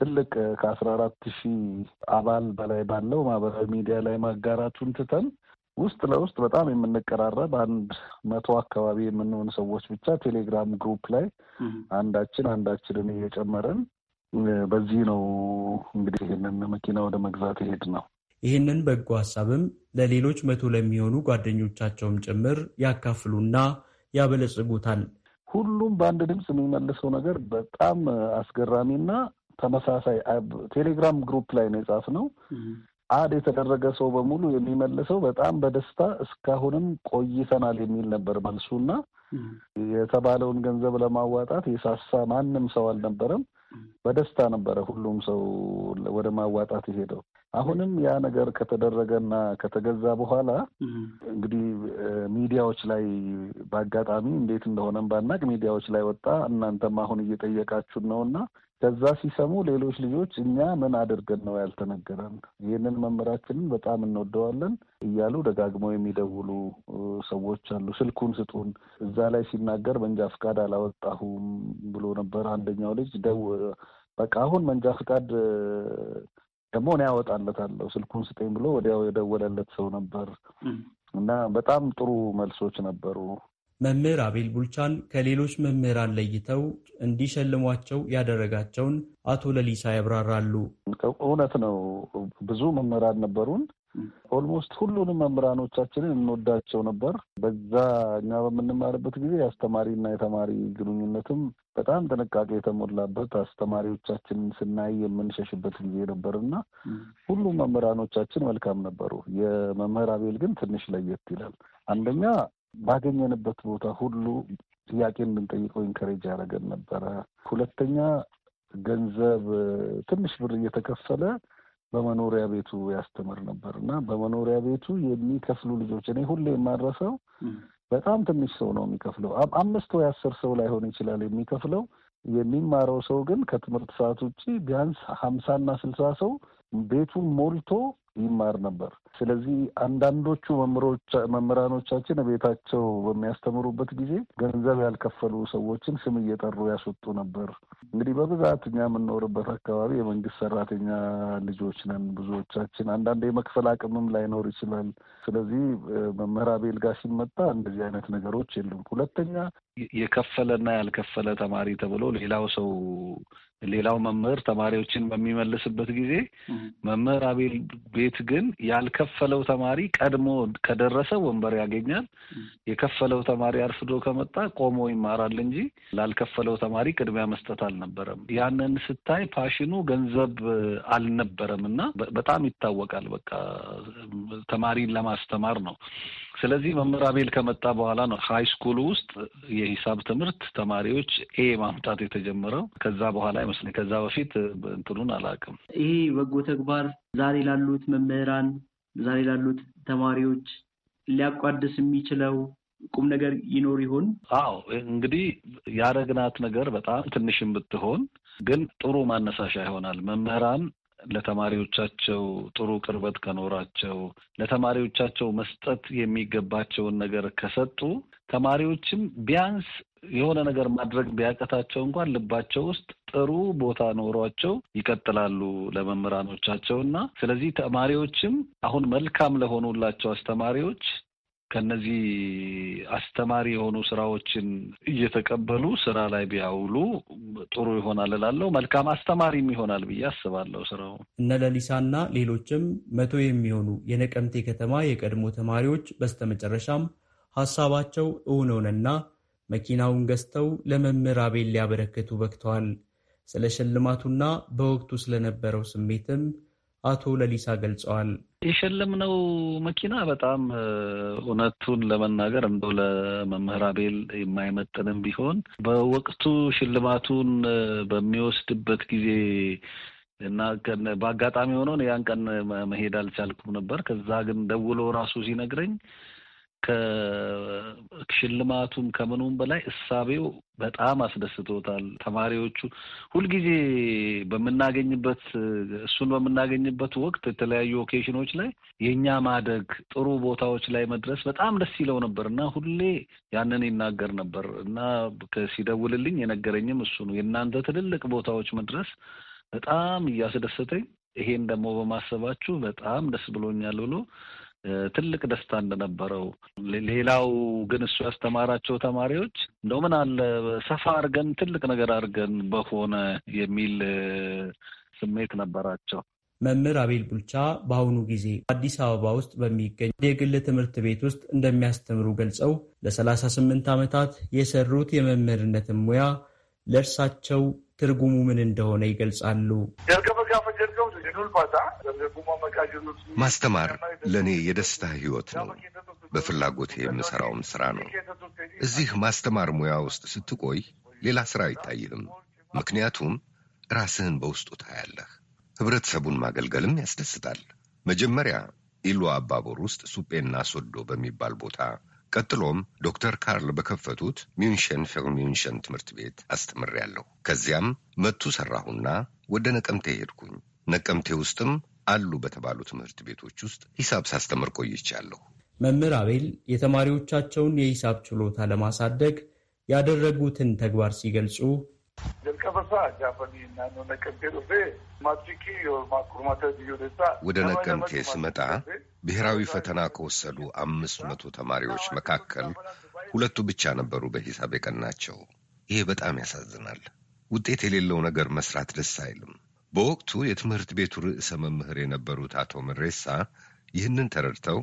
ትልቅ ከአስራ አራት ሺህ አባል በላይ ባለው ማህበራዊ ሚዲያ ላይ ማጋራቱን ትተን ውስጥ ለውስጥ በጣም የምንቀራረብ አንድ መቶ አካባቢ የምንሆን ሰዎች ብቻ ቴሌግራም ግሩፕ ላይ አንዳችን አንዳችንን እየጨመረን በዚህ ነው እንግዲህ ይህንን መኪና ወደ መግዛት ይሄድ ነው። ይህንን በጎ ሀሳብም ለሌሎች መቶ ለሚሆኑ ጓደኞቻቸውም ጭምር ያካፍሉና ያበለጽጉታል። ሁሉም በአንድ ድምፅ የሚመልሰው ነገር በጣም አስገራሚና ተመሳሳይ ቴሌግራም ግሩፕ ላይ ነው የጻፍነው። አድ የተደረገ ሰው በሙሉ የሚመልሰው በጣም በደስታ እስካሁንም ቆይተናል የሚል ነበር እና የተባለውን ገንዘብ ለማዋጣት የሳሳ ማንም ሰው አልነበረም። በደስታ ነበረ ሁሉም ሰው ወደ ማዋጣት የሄደው። አሁንም ያ ነገር ከተደረገና ከተገዛ በኋላ እንግዲህ ሚዲያዎች ላይ በአጋጣሚ እንዴት እንደሆነም ባናቅ ሚዲያዎች ላይ ወጣ። እናንተም አሁን እየጠየቃችሁን ነው እና ከዛ ሲሰሙ ሌሎች ልጆች እኛ ምን አድርገን ነው ያልተነገረን? ይህንን መምህራችንን በጣም እንወደዋለን እያሉ ደጋግመው የሚደውሉ ሰዎች አሉ። ስልኩን ስጡን፣ እዛ ላይ ሲናገር መንጃ ፍቃድ አላወጣሁም ብሎ ነበር አንደኛው ልጅ ደው በቃ አሁን መንጃ ፍቃድ ደግሞ እኔ ያወጣለታለሁ ስልኩን ስጠኝ ብሎ ወዲያው የደወለለት ሰው ነበር እና በጣም ጥሩ መልሶች ነበሩ። መምህር አቤል ቡልቻን ከሌሎች መምህራን ለይተው እንዲሸልሟቸው ያደረጋቸውን አቶ ለሊሳ ያብራራሉ። እውነት ነው። ብዙ መምህራን ነበሩን። ኦልሞስት ሁሉንም መምህራኖቻችንን እንወዳቸው ነበር። በዛ እኛ በምንማርበት ጊዜ የአስተማሪና የተማሪ ግንኙነትም በጣም ጥንቃቄ የተሞላበት አስተማሪዎቻችንን ስናይ የምንሸሽበት ጊዜ ነበር እና ሁሉም መምህራኖቻችን መልካም ነበሩ። የመምህር አቤል ግን ትንሽ ለየት ይላል። አንደኛ ባገኘንበት ቦታ ሁሉ ጥያቄ እንድንጠይቀው ኢንከሬጅ ያደረገን ነበረ። ሁለተኛ ገንዘብ ትንሽ ብር እየተከፈለ በመኖሪያ ቤቱ ያስተምር ነበር እና በመኖሪያ ቤቱ የሚከፍሉ ልጆች እኔ ሁሌ የማድረሰው በጣም ትንሽ ሰው ነው የሚከፍለው። አምስት ወይ አስር ሰው ላይሆን ይችላል የሚከፍለው። የሚማረው ሰው ግን ከትምህርት ሰዓት ውጭ ቢያንስ ሀምሳና ስልሳ ሰው ቤቱን ሞልቶ ይማር ነበር። ስለዚህ አንዳንዶቹ መምህራኖቻችን ቤታቸው በሚያስተምሩበት ጊዜ ገንዘብ ያልከፈሉ ሰዎችን ስም እየጠሩ ያስወጡ ነበር። እንግዲህ በብዛት እኛ የምንኖርበት አካባቢ የመንግስት ሰራተኛ ልጆች ነን ብዙዎቻችን። አንዳንድ የመክፈል አቅምም ላይኖር ይችላል። ስለዚህ መምህር አቤል ጋር ሲመጣ እንደዚህ አይነት ነገሮች የሉም። ሁለተኛ የከፈለና ያልከፈለ ተማሪ ተብሎ ሌላው ሰው ሌላው መምህር ተማሪዎችን በሚመልስበት ጊዜ መምህር አቤል ቤት ግን ያልከፈለው ተማሪ ቀድሞ ከደረሰ ወንበር ያገኛል። የከፈለው ተማሪ አርፍዶ ከመጣ ቆሞ ይማራል እንጂ ላልከፈለው ተማሪ ቅድሚያ መስጠት አልነበረም። ያንን ስታይ ፓሽኑ ገንዘብ አልነበረም እና በጣም ይታወቃል። በቃ ተማሪን ለማስተማር ነው። ስለዚህ መምህር አቤል ከመጣ በኋላ ነው ሀይ ስኩል ውስጥ የሂሳብ ትምህርት ተማሪዎች ኤ ማምጣት የተጀመረው። ከዛ በኋላ ይመስለኝ ከዛ በፊት እንትኑን አላውቅም። ይሄ በጎ ተግባር ዛሬ ላሉት መምህራን፣ ዛሬ ላሉት ተማሪዎች ሊያቋድስ የሚችለው ቁም ነገር ይኖር ይሆን? አዎ እንግዲህ ያረግናት ነገር በጣም ትንሽም ብትሆን ግን ጥሩ ማነሳሻ ይሆናል። መምህራን ለተማሪዎቻቸው ጥሩ ቅርበት ከኖራቸው ለተማሪዎቻቸው መስጠት የሚገባቸውን ነገር ከሰጡ ተማሪዎችም ቢያንስ የሆነ ነገር ማድረግ ቢያቀታቸው እንኳን ልባቸው ውስጥ ጥሩ ቦታ ኖሯቸው ይቀጥላሉ ለመምህራኖቻቸው እና ስለዚህ ተማሪዎችም አሁን መልካም ለሆኑላቸው አስተማሪዎች ከነዚህ አስተማሪ የሆኑ ስራዎችን እየተቀበሉ ስራ ላይ ቢያውሉ ጥሩ ይሆናል እላለሁ። መልካም አስተማሪም ይሆናል ብዬ አስባለሁ ስራው። እነ ለሊሳና ሌሎችም መቶ የሚሆኑ የነቀምቴ ከተማ የቀድሞ ተማሪዎች በስተመጨረሻም ሀሳባቸው እውን ሆነና መኪናውን ገዝተው ለመምህር አቤል ሊያበረክቱ በክተዋል። ስለ ሽልማቱና በወቅቱ ስለነበረው ስሜትም አቶ ለሊሳ ገልጸዋል። የሸለምነው መኪና በጣም እውነቱን ለመናገር እንደው ለመምህር አቤል የማይመጥንም ቢሆን በወቅቱ ሽልማቱን በሚወስድበት ጊዜ እና በአጋጣሚ ሆኖ ያን ቀን መሄድ አልቻልኩም ነበር። ከዛ ግን ደውሎ ራሱ ሲነግረኝ ከሽልማቱም ከምኑም በላይ እሳቤው በጣም አስደስቶታል። ተማሪዎቹ ሁልጊዜ በምናገኝበት እሱን በምናገኝበት ወቅት የተለያዩ ኦኬሽኖች ላይ የእኛ ማደግ ጥሩ ቦታዎች ላይ መድረስ በጣም ደስ ይለው ነበር እና ሁሌ ያንን ይናገር ነበር እና ሲደውልልኝ የነገረኝም እሱ ነው። የእናንተ ትልልቅ ቦታዎች መድረስ በጣም እያስደሰተኝ ይሄን ደግሞ በማሰባችሁ በጣም ደስ ብሎኛል ብሎ ትልቅ ደስታ እንደነበረው። ሌላው ግን እሱ ያስተማራቸው ተማሪዎች እንደው ምን አለ ሰፋ አድርገን ትልቅ ነገር አድርገን በሆነ የሚል ስሜት ነበራቸው። መምህር አቤል ቡልቻ በአሁኑ ጊዜ አዲስ አበባ ውስጥ በሚገኝ የግል ትምህርት ቤት ውስጥ እንደሚያስተምሩ ገልጸው ለ38 ዓመታት የሰሩት የመምህርነትን ሙያ ለእርሳቸው ትርጉሙ ምን እንደሆነ ይገልጻሉ። ማስተማር ለእኔ የደስታ ህይወት ነው። በፍላጎት የምሠራውም ሥራ ነው። እዚህ ማስተማር ሙያ ውስጥ ስትቆይ ሌላ ሥራ አይታይህም። ምክንያቱም ራስህን በውስጡ ታያለህ። ህብረተሰቡን ማገልገልም ያስደስታል። መጀመሪያ ኢሉ አባቦር ውስጥ ሱጴና ሶዶ በሚባል ቦታ ቀጥሎም ዶክተር ካርል በከፈቱት ሚንሽን ፌር ሚንሽን ትምህርት ቤት አስተምሬያለሁ። ከዚያም መቱ ሠራሁና ወደ ነቀምቴ ሄድኩኝ። ነቀምቴ ውስጥም አሉ በተባሉ ትምህርት ቤቶች ውስጥ ሂሳብ ሳስተምር ቆይቻለሁ። መምህር አቤል የተማሪዎቻቸውን የሂሳብ ችሎታ ለማሳደግ ያደረጉትን ተግባር ሲገልጹ ወደ ነቀምቴ ስመጣ ብሔራዊ ፈተና ከወሰዱ አምስት መቶ ተማሪዎች መካከል ሁለቱ ብቻ ነበሩ በሂሳብ የቀናቸው። ይሄ በጣም ያሳዝናል። ውጤት የሌለው ነገር መስራት ደስ አይልም። በወቅቱ የትምህርት ቤቱ ርዕሰ መምህር የነበሩት አቶ ምሬሳ ይህንን ተረድተው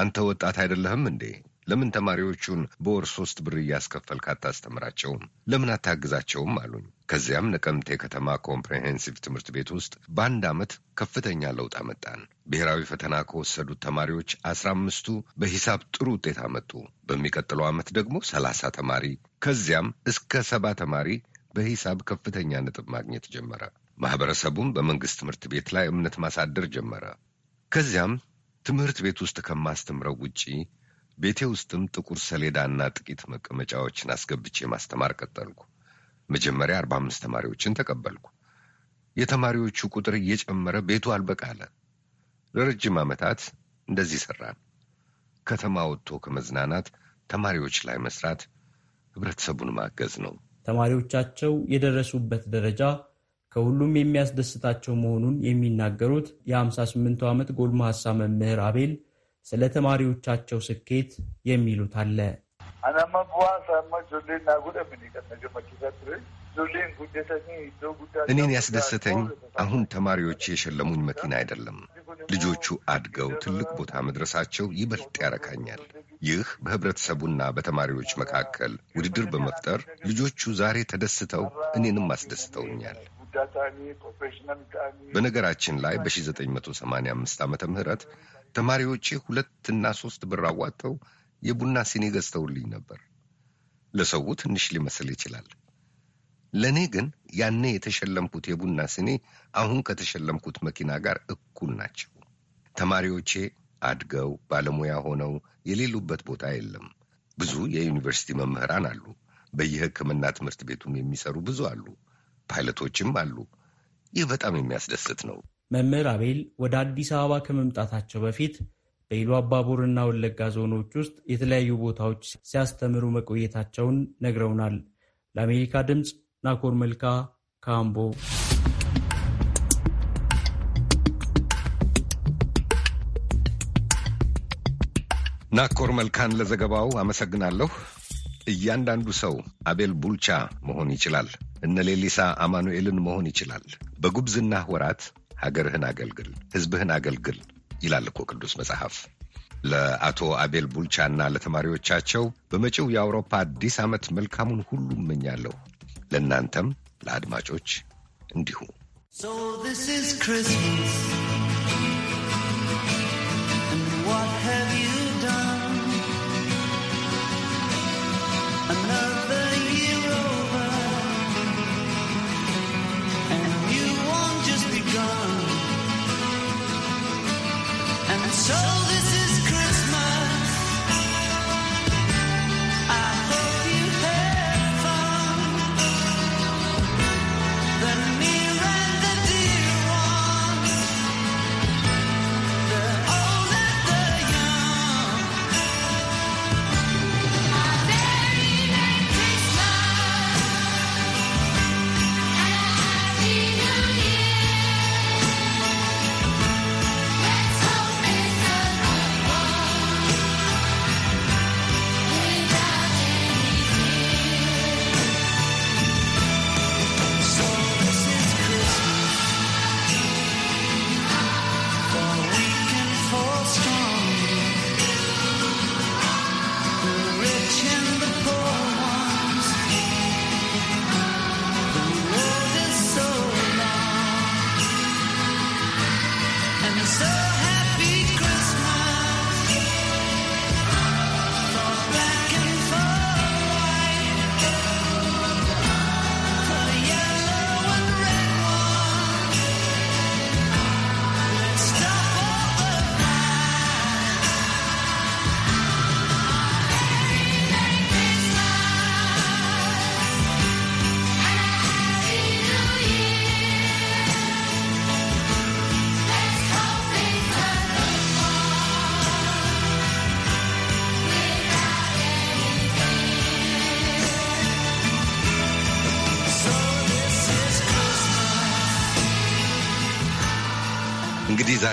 አንተ ወጣት አይደለህም እንዴ? ለምን ተማሪዎቹን በወር ሶስት ብር እያስከፈልክ አታስተምራቸውም? ለምን አታግዛቸውም? አሉኝ። ከዚያም ነቀምቴ ከተማ ኮምፕሬሄንሲቭ ትምህርት ቤት ውስጥ በአንድ ዓመት ከፍተኛ ለውጥ አመጣን። ብሔራዊ ፈተና ከወሰዱት ተማሪዎች አስራ አምስቱ በሂሳብ ጥሩ ውጤት አመጡ። በሚቀጥለው ዓመት ደግሞ ሰላሳ ተማሪ ከዚያም እስከ ሰባ ተማሪ በሂሳብ ከፍተኛ ነጥብ ማግኘት ጀመረ። ማህበረሰቡም በመንግስት ትምህርት ቤት ላይ እምነት ማሳደር ጀመረ። ከዚያም ትምህርት ቤት ውስጥ ከማስተምረው ውጪ ቤቴ ውስጥም ጥቁር ሰሌዳና ጥቂት መቀመጫዎችን አስገብቼ ማስተማር ቀጠልኩ። መጀመሪያ አርባ አምስት ተማሪዎችን ተቀበልኩ። የተማሪዎቹ ቁጥር እየጨመረ ቤቱ አልበቃለ። ለረጅም ዓመታት እንደዚህ ሠራን። ከተማ ወጥቶ ከመዝናናት ተማሪዎች ላይ መስራት ህብረተሰቡን ማገዝ ነው። ተማሪዎቻቸው የደረሱበት ደረጃ ከሁሉም የሚያስደስታቸው መሆኑን የሚናገሩት የ 58 ዓመት ጎልማሳ መምህር አቤል ስለ ተማሪዎቻቸው ስኬት የሚሉት አለ። እኔን ያስደሰተኝ አሁን ተማሪዎች የሸለሙኝ መኪና አይደለም፣ ልጆቹ አድገው ትልቅ ቦታ መድረሳቸው ይበልጥ ያረካኛል። ይህ በህብረተሰቡና በተማሪዎች መካከል ውድድር በመፍጠር ልጆቹ ዛሬ ተደስተው እኔንም አስደስተውኛል። በነገራችን ላይ በ1985 ዓመተ ምህረት ሁለት ሁለትና ሶስት ብር አዋጥተው የቡና ሲኒ ገዝተውልኝ ነበር። ለሰው ትንሽ ሊመስል ይችላል። ለእኔ ግን ያኔ የተሸለምኩት የቡና ሲኒ አሁን ከተሸለምኩት መኪና ጋር እኩል ናቸው። ተማሪዎቼ አድገው ባለሙያ ሆነው የሌሉበት ቦታ የለም። ብዙ የዩኒቨርሲቲ መምህራን አሉ። በየሕክምና ትምህርት ቤቱም የሚሰሩ ብዙ አሉ። ፓይለቶችም አሉ። ይህ በጣም የሚያስደስት ነው። መምህር አቤል ወደ አዲስ አበባ ከመምጣታቸው በፊት በኢሉ አባቦርና ወለጋ ዞኖች ውስጥ የተለያዩ ቦታዎች ሲያስተምሩ መቆየታቸውን ነግረውናል። ለአሜሪካ ድምፅ ናኮር መልካ ካምቦ። ናኮር መልካን ለዘገባው አመሰግናለሁ። እያንዳንዱ ሰው አቤል ቡልቻ መሆን ይችላል። እነ ሌሊሳ አማኑኤልን መሆን ይችላል። በጉብዝናህ ወራት ሀገርህን አገልግል፣ ህዝብህን አገልግል ይላል እኮ ቅዱስ መጽሐፍ። ለአቶ አቤል ቡልቻና ለተማሪዎቻቸው በመጪው የአውሮፓ አዲስ ዓመት መልካሙን ሁሉ እመኛለሁ። ለእናንተም ለአድማጮች እንዲሁ። So this is Christmas, and what have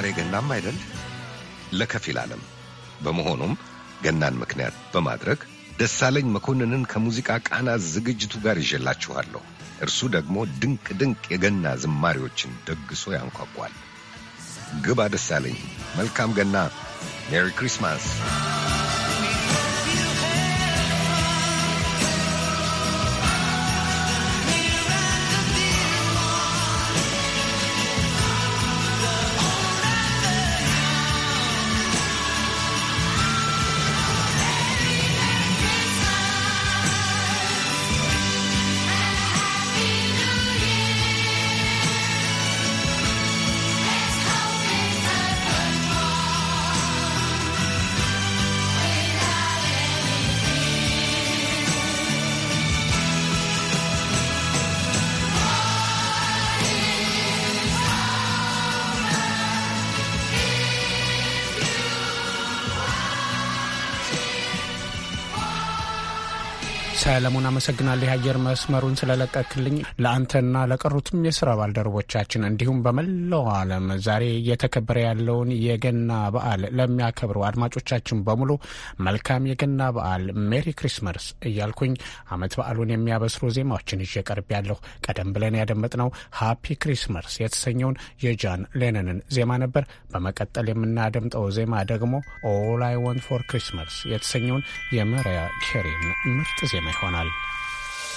ዛሬ ገናም አይደል? ለከፊል ዓለም። በመሆኑም ገናን ምክንያት በማድረግ ደሳለኝ መኮንንን ከሙዚቃ ቃና ዝግጅቱ ጋር ይዤላችኋለሁ። እርሱ ደግሞ ድንቅ ድንቅ የገና ዝማሪዎችን ደግሶ ያንኳኳል። ግባ ደሳለኝ። መልካም ገና። ሜሪ ክሪስማስ። ሰለሞን አመሰግናለሁ የአየር መስመሩን ስለለቀክልኝ። ለአንተና ለቀሩትም የስራ ባልደረቦቻችን እንዲሁም በመላው ዓለም ዛሬ እየተከበረ ያለውን የገና በዓል ለሚያከብሩ አድማጮቻችን በሙሉ መልካም የገና በዓል ሜሪ ክሪስመስ እያልኩኝ አመት በዓሉን የሚያበስሩ ዜማዎችን ይዤ ቀርብ ያለሁ። ቀደም ብለን ያደመጥነው ሃፒ ክሪስመስ የተሰኘውን የጃን ሌነንን ዜማ ነበር። በመቀጠል የምናደምጠው ዜማ ደግሞ ኦል አይ ወንት ፎር ክሪስመስ የተሰኘውን የመሪያ ኬሪን ምርጥ ዜማ ይሆናል።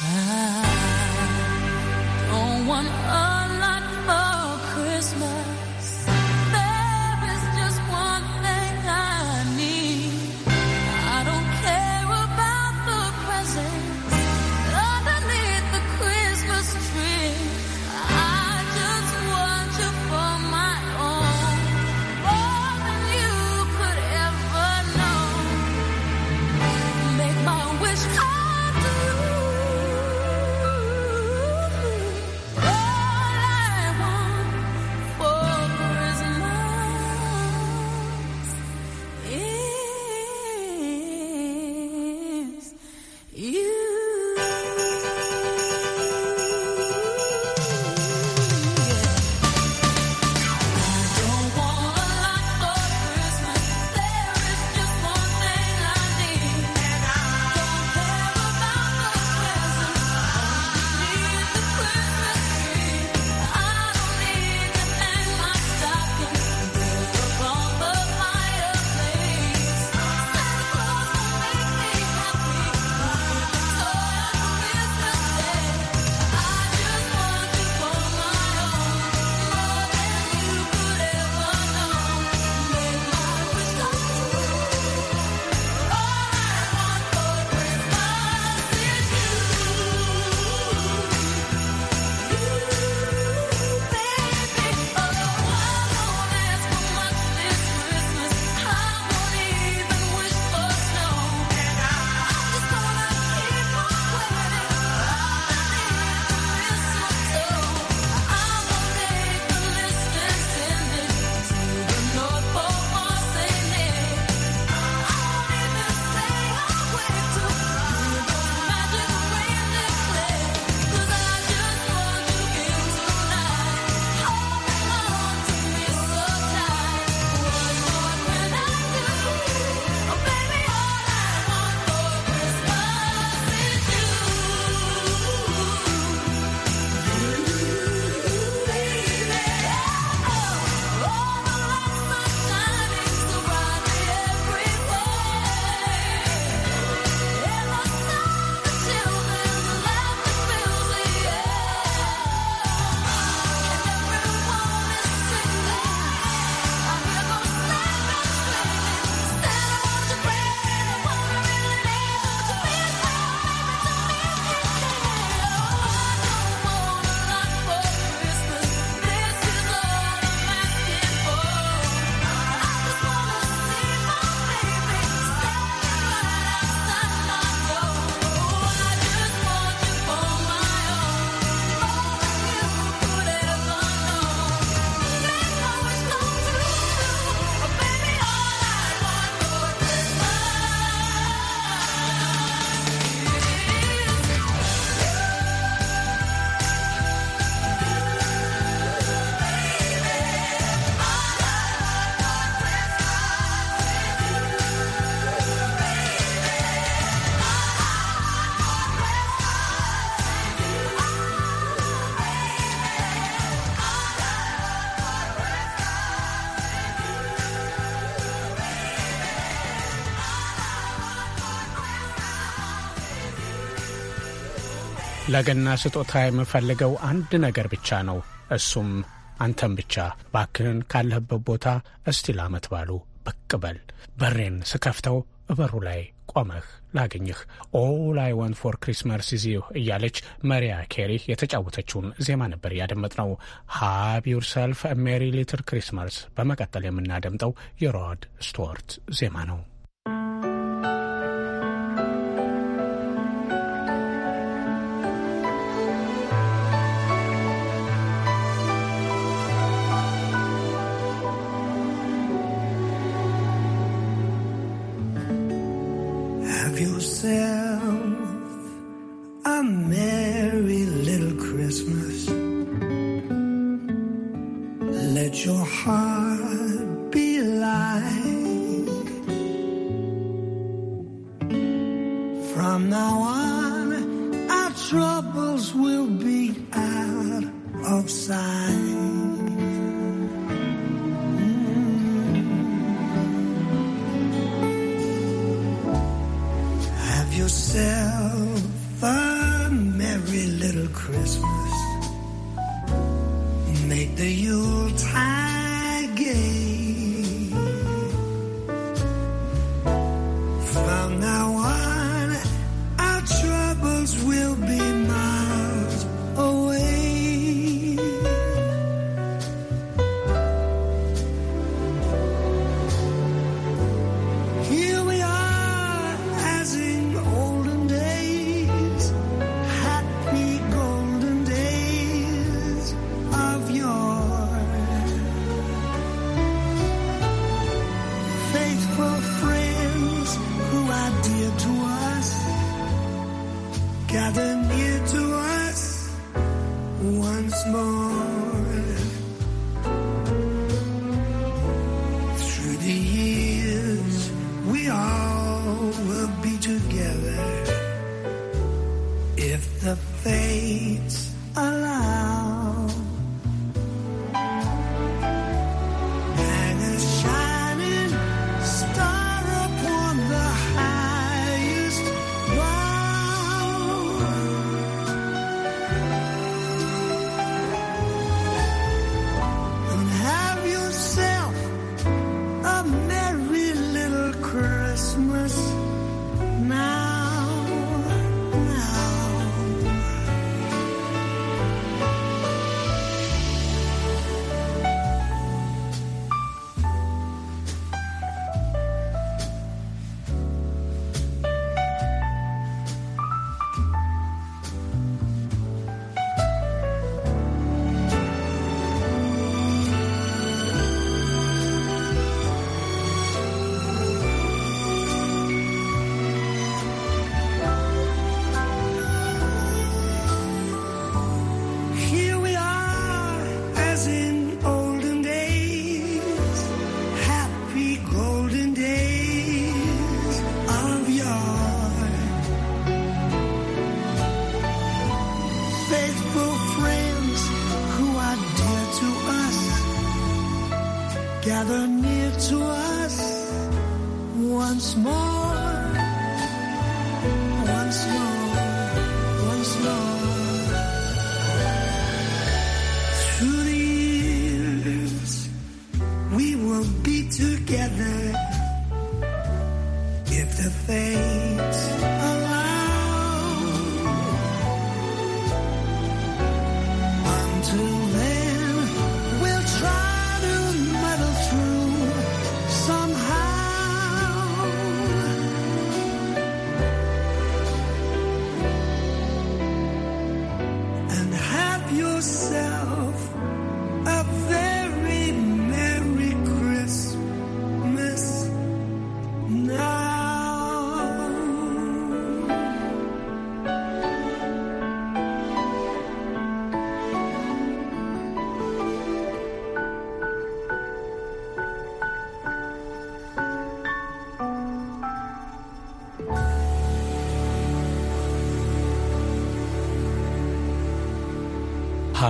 I don't want a lot for Christmas. ለገና ስጦታ የምፈልገው አንድ ነገር ብቻ ነው። እሱም አንተም ብቻ ባክህን ካለህበት ቦታ እስቲ ላመት ባሉ ብቅ በል። በሬን ስከፍተው እበሩ ላይ ቆመህ ላገኝህ። ኦል አይ ዋንት ፎር ክሪስማስ ኢዝ ዩ እያለች መሪያ ኬሪ የተጫወተችውን ዜማ ነበር ያደመጥነው። ሃቭ ዩርሰልፍ ሜሪ ሊትል ክሪስማስ። በመቀጠል የምናደምጠው የሮድ ስቱዋርት ዜማ ነው። your heart be like? From now on, our troubles will be out of sight. yourself a merry little Christmas. Make the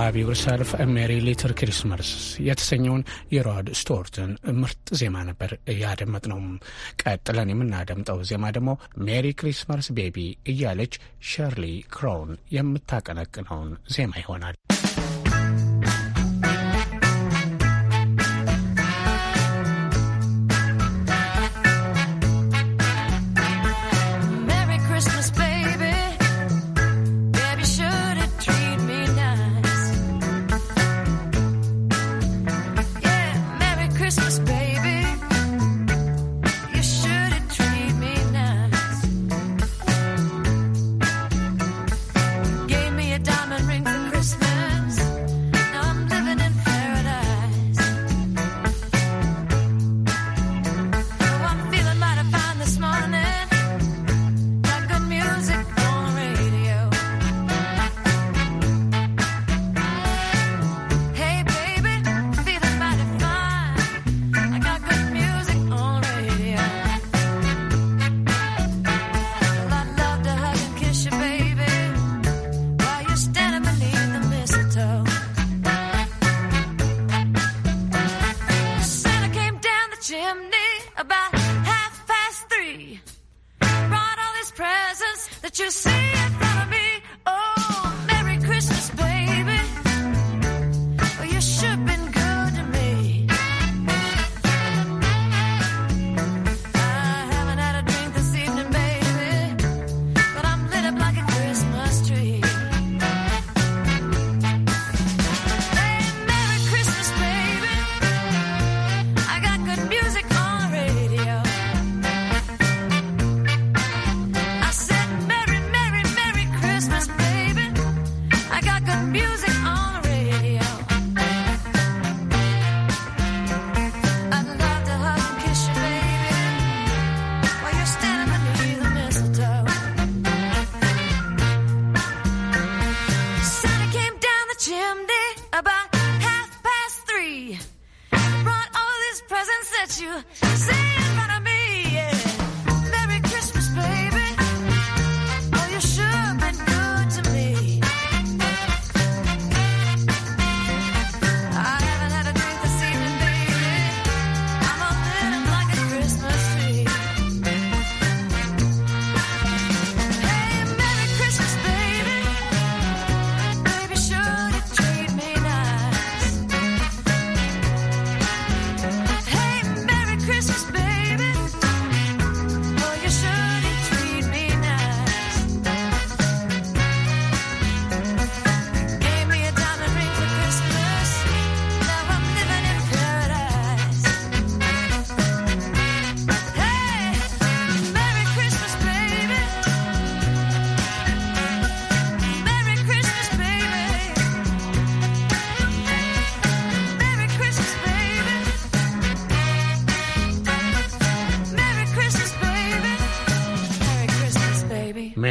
ሃቭ ዮርሰልፍ ሜሪ ሊትል ክሪስመስ የተሰኘውን የሮድ ስቱዋርትን ምርጥ ዜማ ነበር እያደመጥ ነው። ቀጥለን የምናደምጠው ዜማ ደግሞ ሜሪ ክሪስመስ ቤቢ እያለች ሸርሊ ክሮውን የምታቀነቅነውን ዜማ ይሆናል።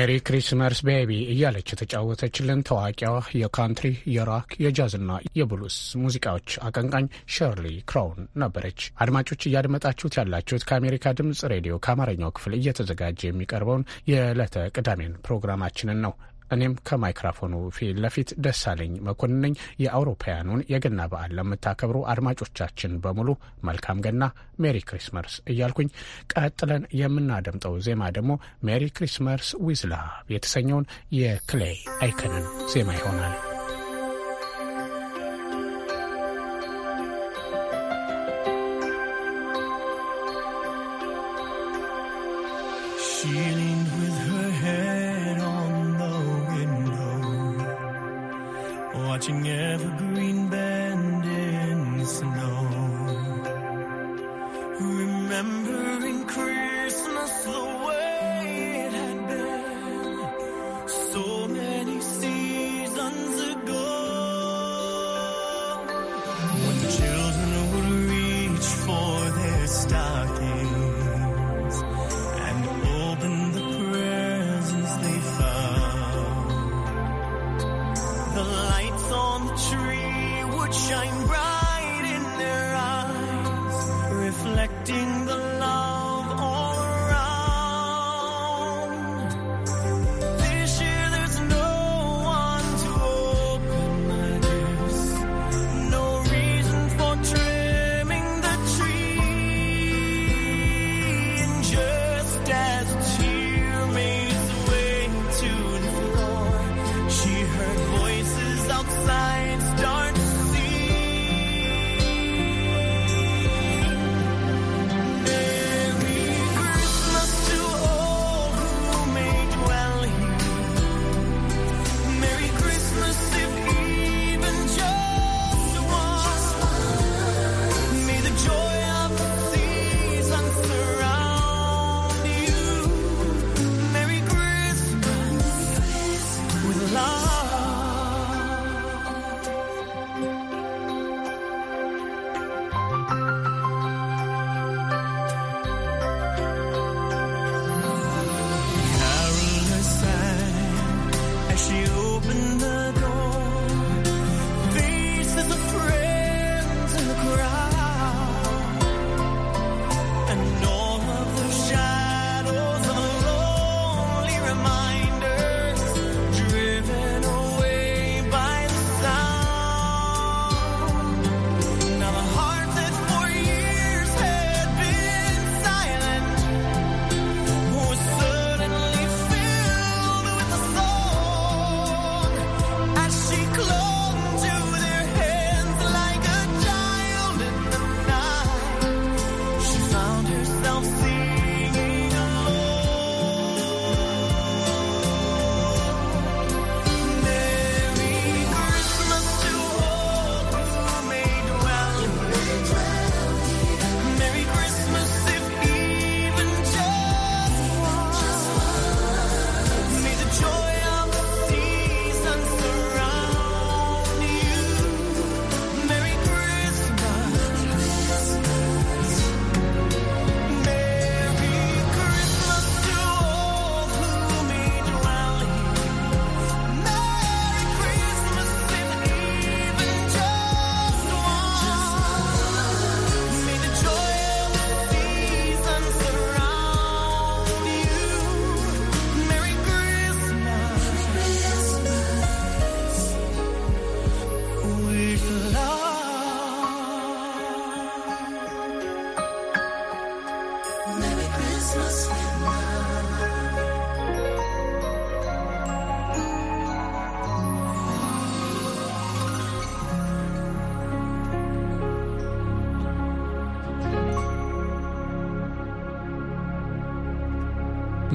ሜሪ ክሪስመስ ቤቢ እያለች የተጫወተችልን ታዋቂዋ የካንትሪ የራክ የጃዝና የብሉስ ሙዚቃዎች አቀንቃኝ ሸርሊ ክራውን ነበረች። አድማጮች እያደመጣችሁት ያላችሁት ከአሜሪካ ድምፅ ሬዲዮ ከአማርኛው ክፍል እየተዘጋጀ የሚቀርበውን የዕለተ ቅዳሜን ፕሮግራማችንን ነው። እኔም ከማይክራፎኑ ፊት ለፊት ደሳለኝ መኮንን ነኝ። የአውሮፓውያኑን የገና በዓል ለምታከብሩ አድማጮቻችን በሙሉ መልካም ገና፣ ሜሪ ክሪስመርስ እያልኩኝ ቀጥለን የምናደምጠው ዜማ ደግሞ ሜሪ ክሪስመርስ ዊዝላቭ የተሰኘውን የክሌይ አይከንን ዜማ ይሆናል።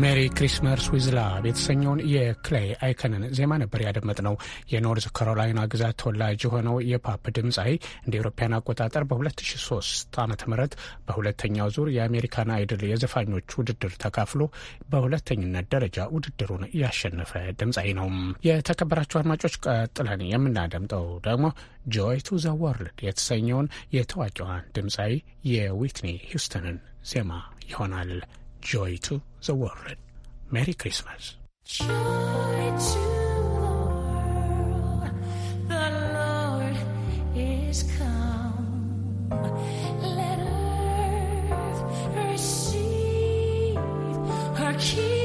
ሜሪ ክሪስመስ ዊዝ ላቭ የተሰኘውን የክሌይ አይከንን ዜማ ነበር ያደመጥ ነው። የኖርዝ ካሮላይና ግዛት ተወላጅ የሆነው የፓፕ ድምፃዊ እንደ ኤሮፓያን አቆጣጠር በ2003 ዓ ም በሁለተኛው ዙር የአሜሪካን አይድል የዘፋኞች ውድድር ተካፍሎ በሁለተኝነት ደረጃ ውድድሩን ያሸነፈ ድምፃዊ ነው። የተከበራቸው አድማጮች፣ ቀጥለን የምናደምጠው ደግሞ ጆይ ቱ ዘ ወርልድ የተሰኘውን የታዋቂዋን ድምፃዊ የዊትኒ ሂውስተንን ዜማ ይሆናል። Joy to the World. Merry Christmas. Joy to the world, the Lord is come. Let earth receive her King.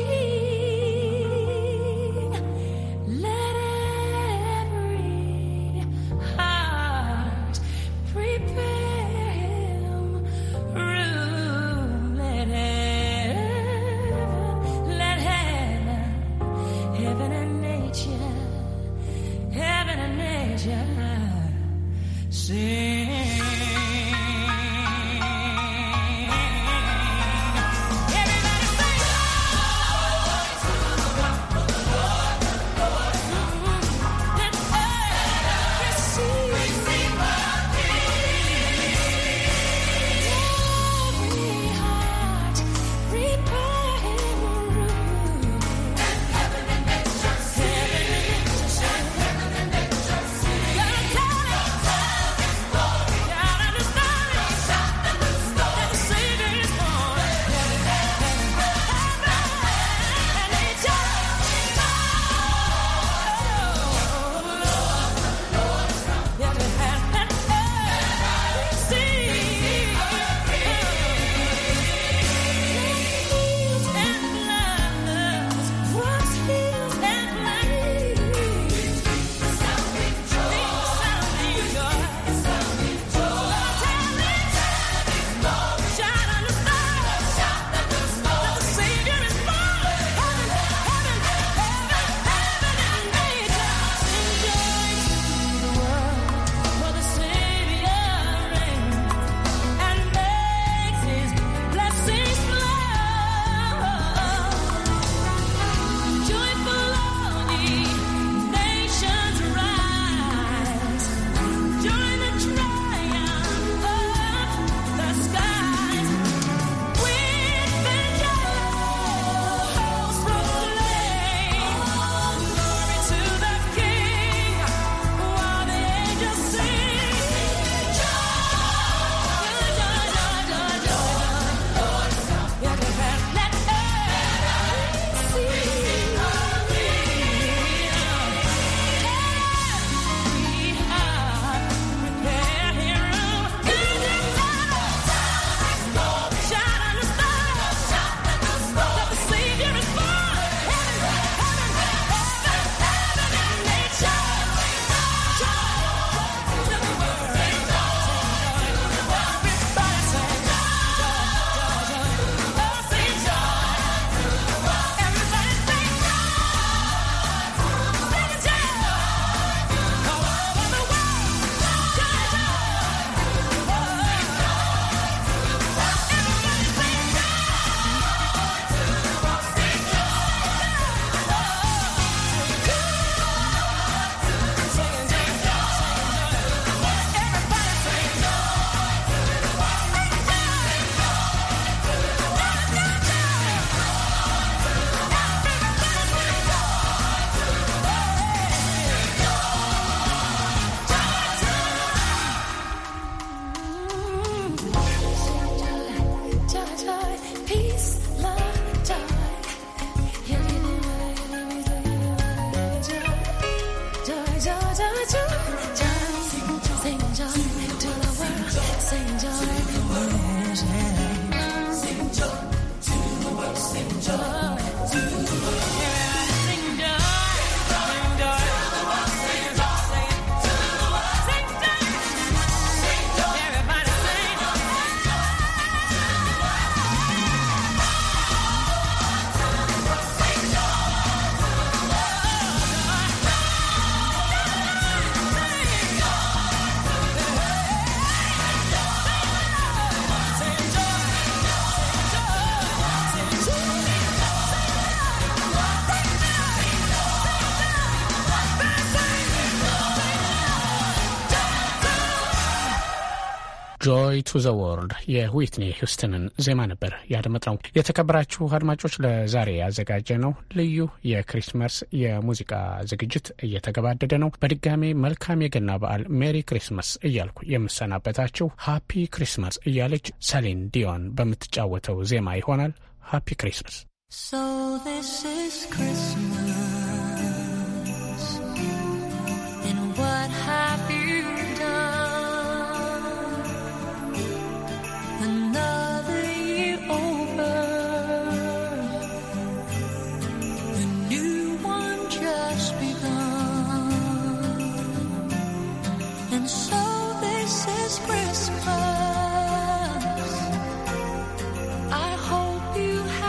ጆይ ቱ ዘ ወርልድ የዊትኒ ሂውስትንን ዜማ ነበር ያደመጥነው። የተከበራችሁ አድማጮች ለዛሬ ያዘጋጀ ነው ልዩ የክሪስመስ የሙዚቃ ዝግጅት እየተገባደደ ነው። በድጋሜ መልካም የገና በዓል ሜሪ ክሪስመስ እያልኩ የምሰናበታችሁ ሃፒ ክሪስመስ እያለች ሰሊን ዲዮን በምትጫወተው ዜማ ይሆናል። ሃፒ ክሪስመስ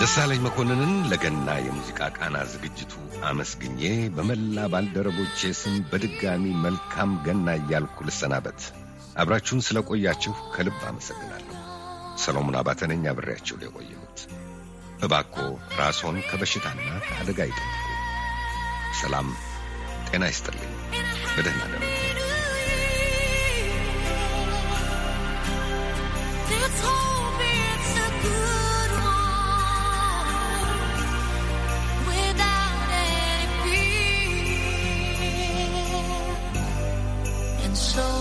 ደሳለኝ መኮንንን ለገና የሙዚቃ ቃና ዝግጅቱ አመስግኜ በመላ ባልደረቦቼ ስም በድጋሚ መልካም ገና እያልኩ ልሰናበት። አብራችሁን ስለቆያችሁ ከልብ አመሰግናለሁ። ሰሎሞን አባተ ነኝ። አብሬያችሁ የቆየሁት እባክዎ ራስዎን ከበሽታና ከአደጋ ይጠብቁ። ሰላም ጤና ይስጥልኝ። በደህና ደ It's hard. so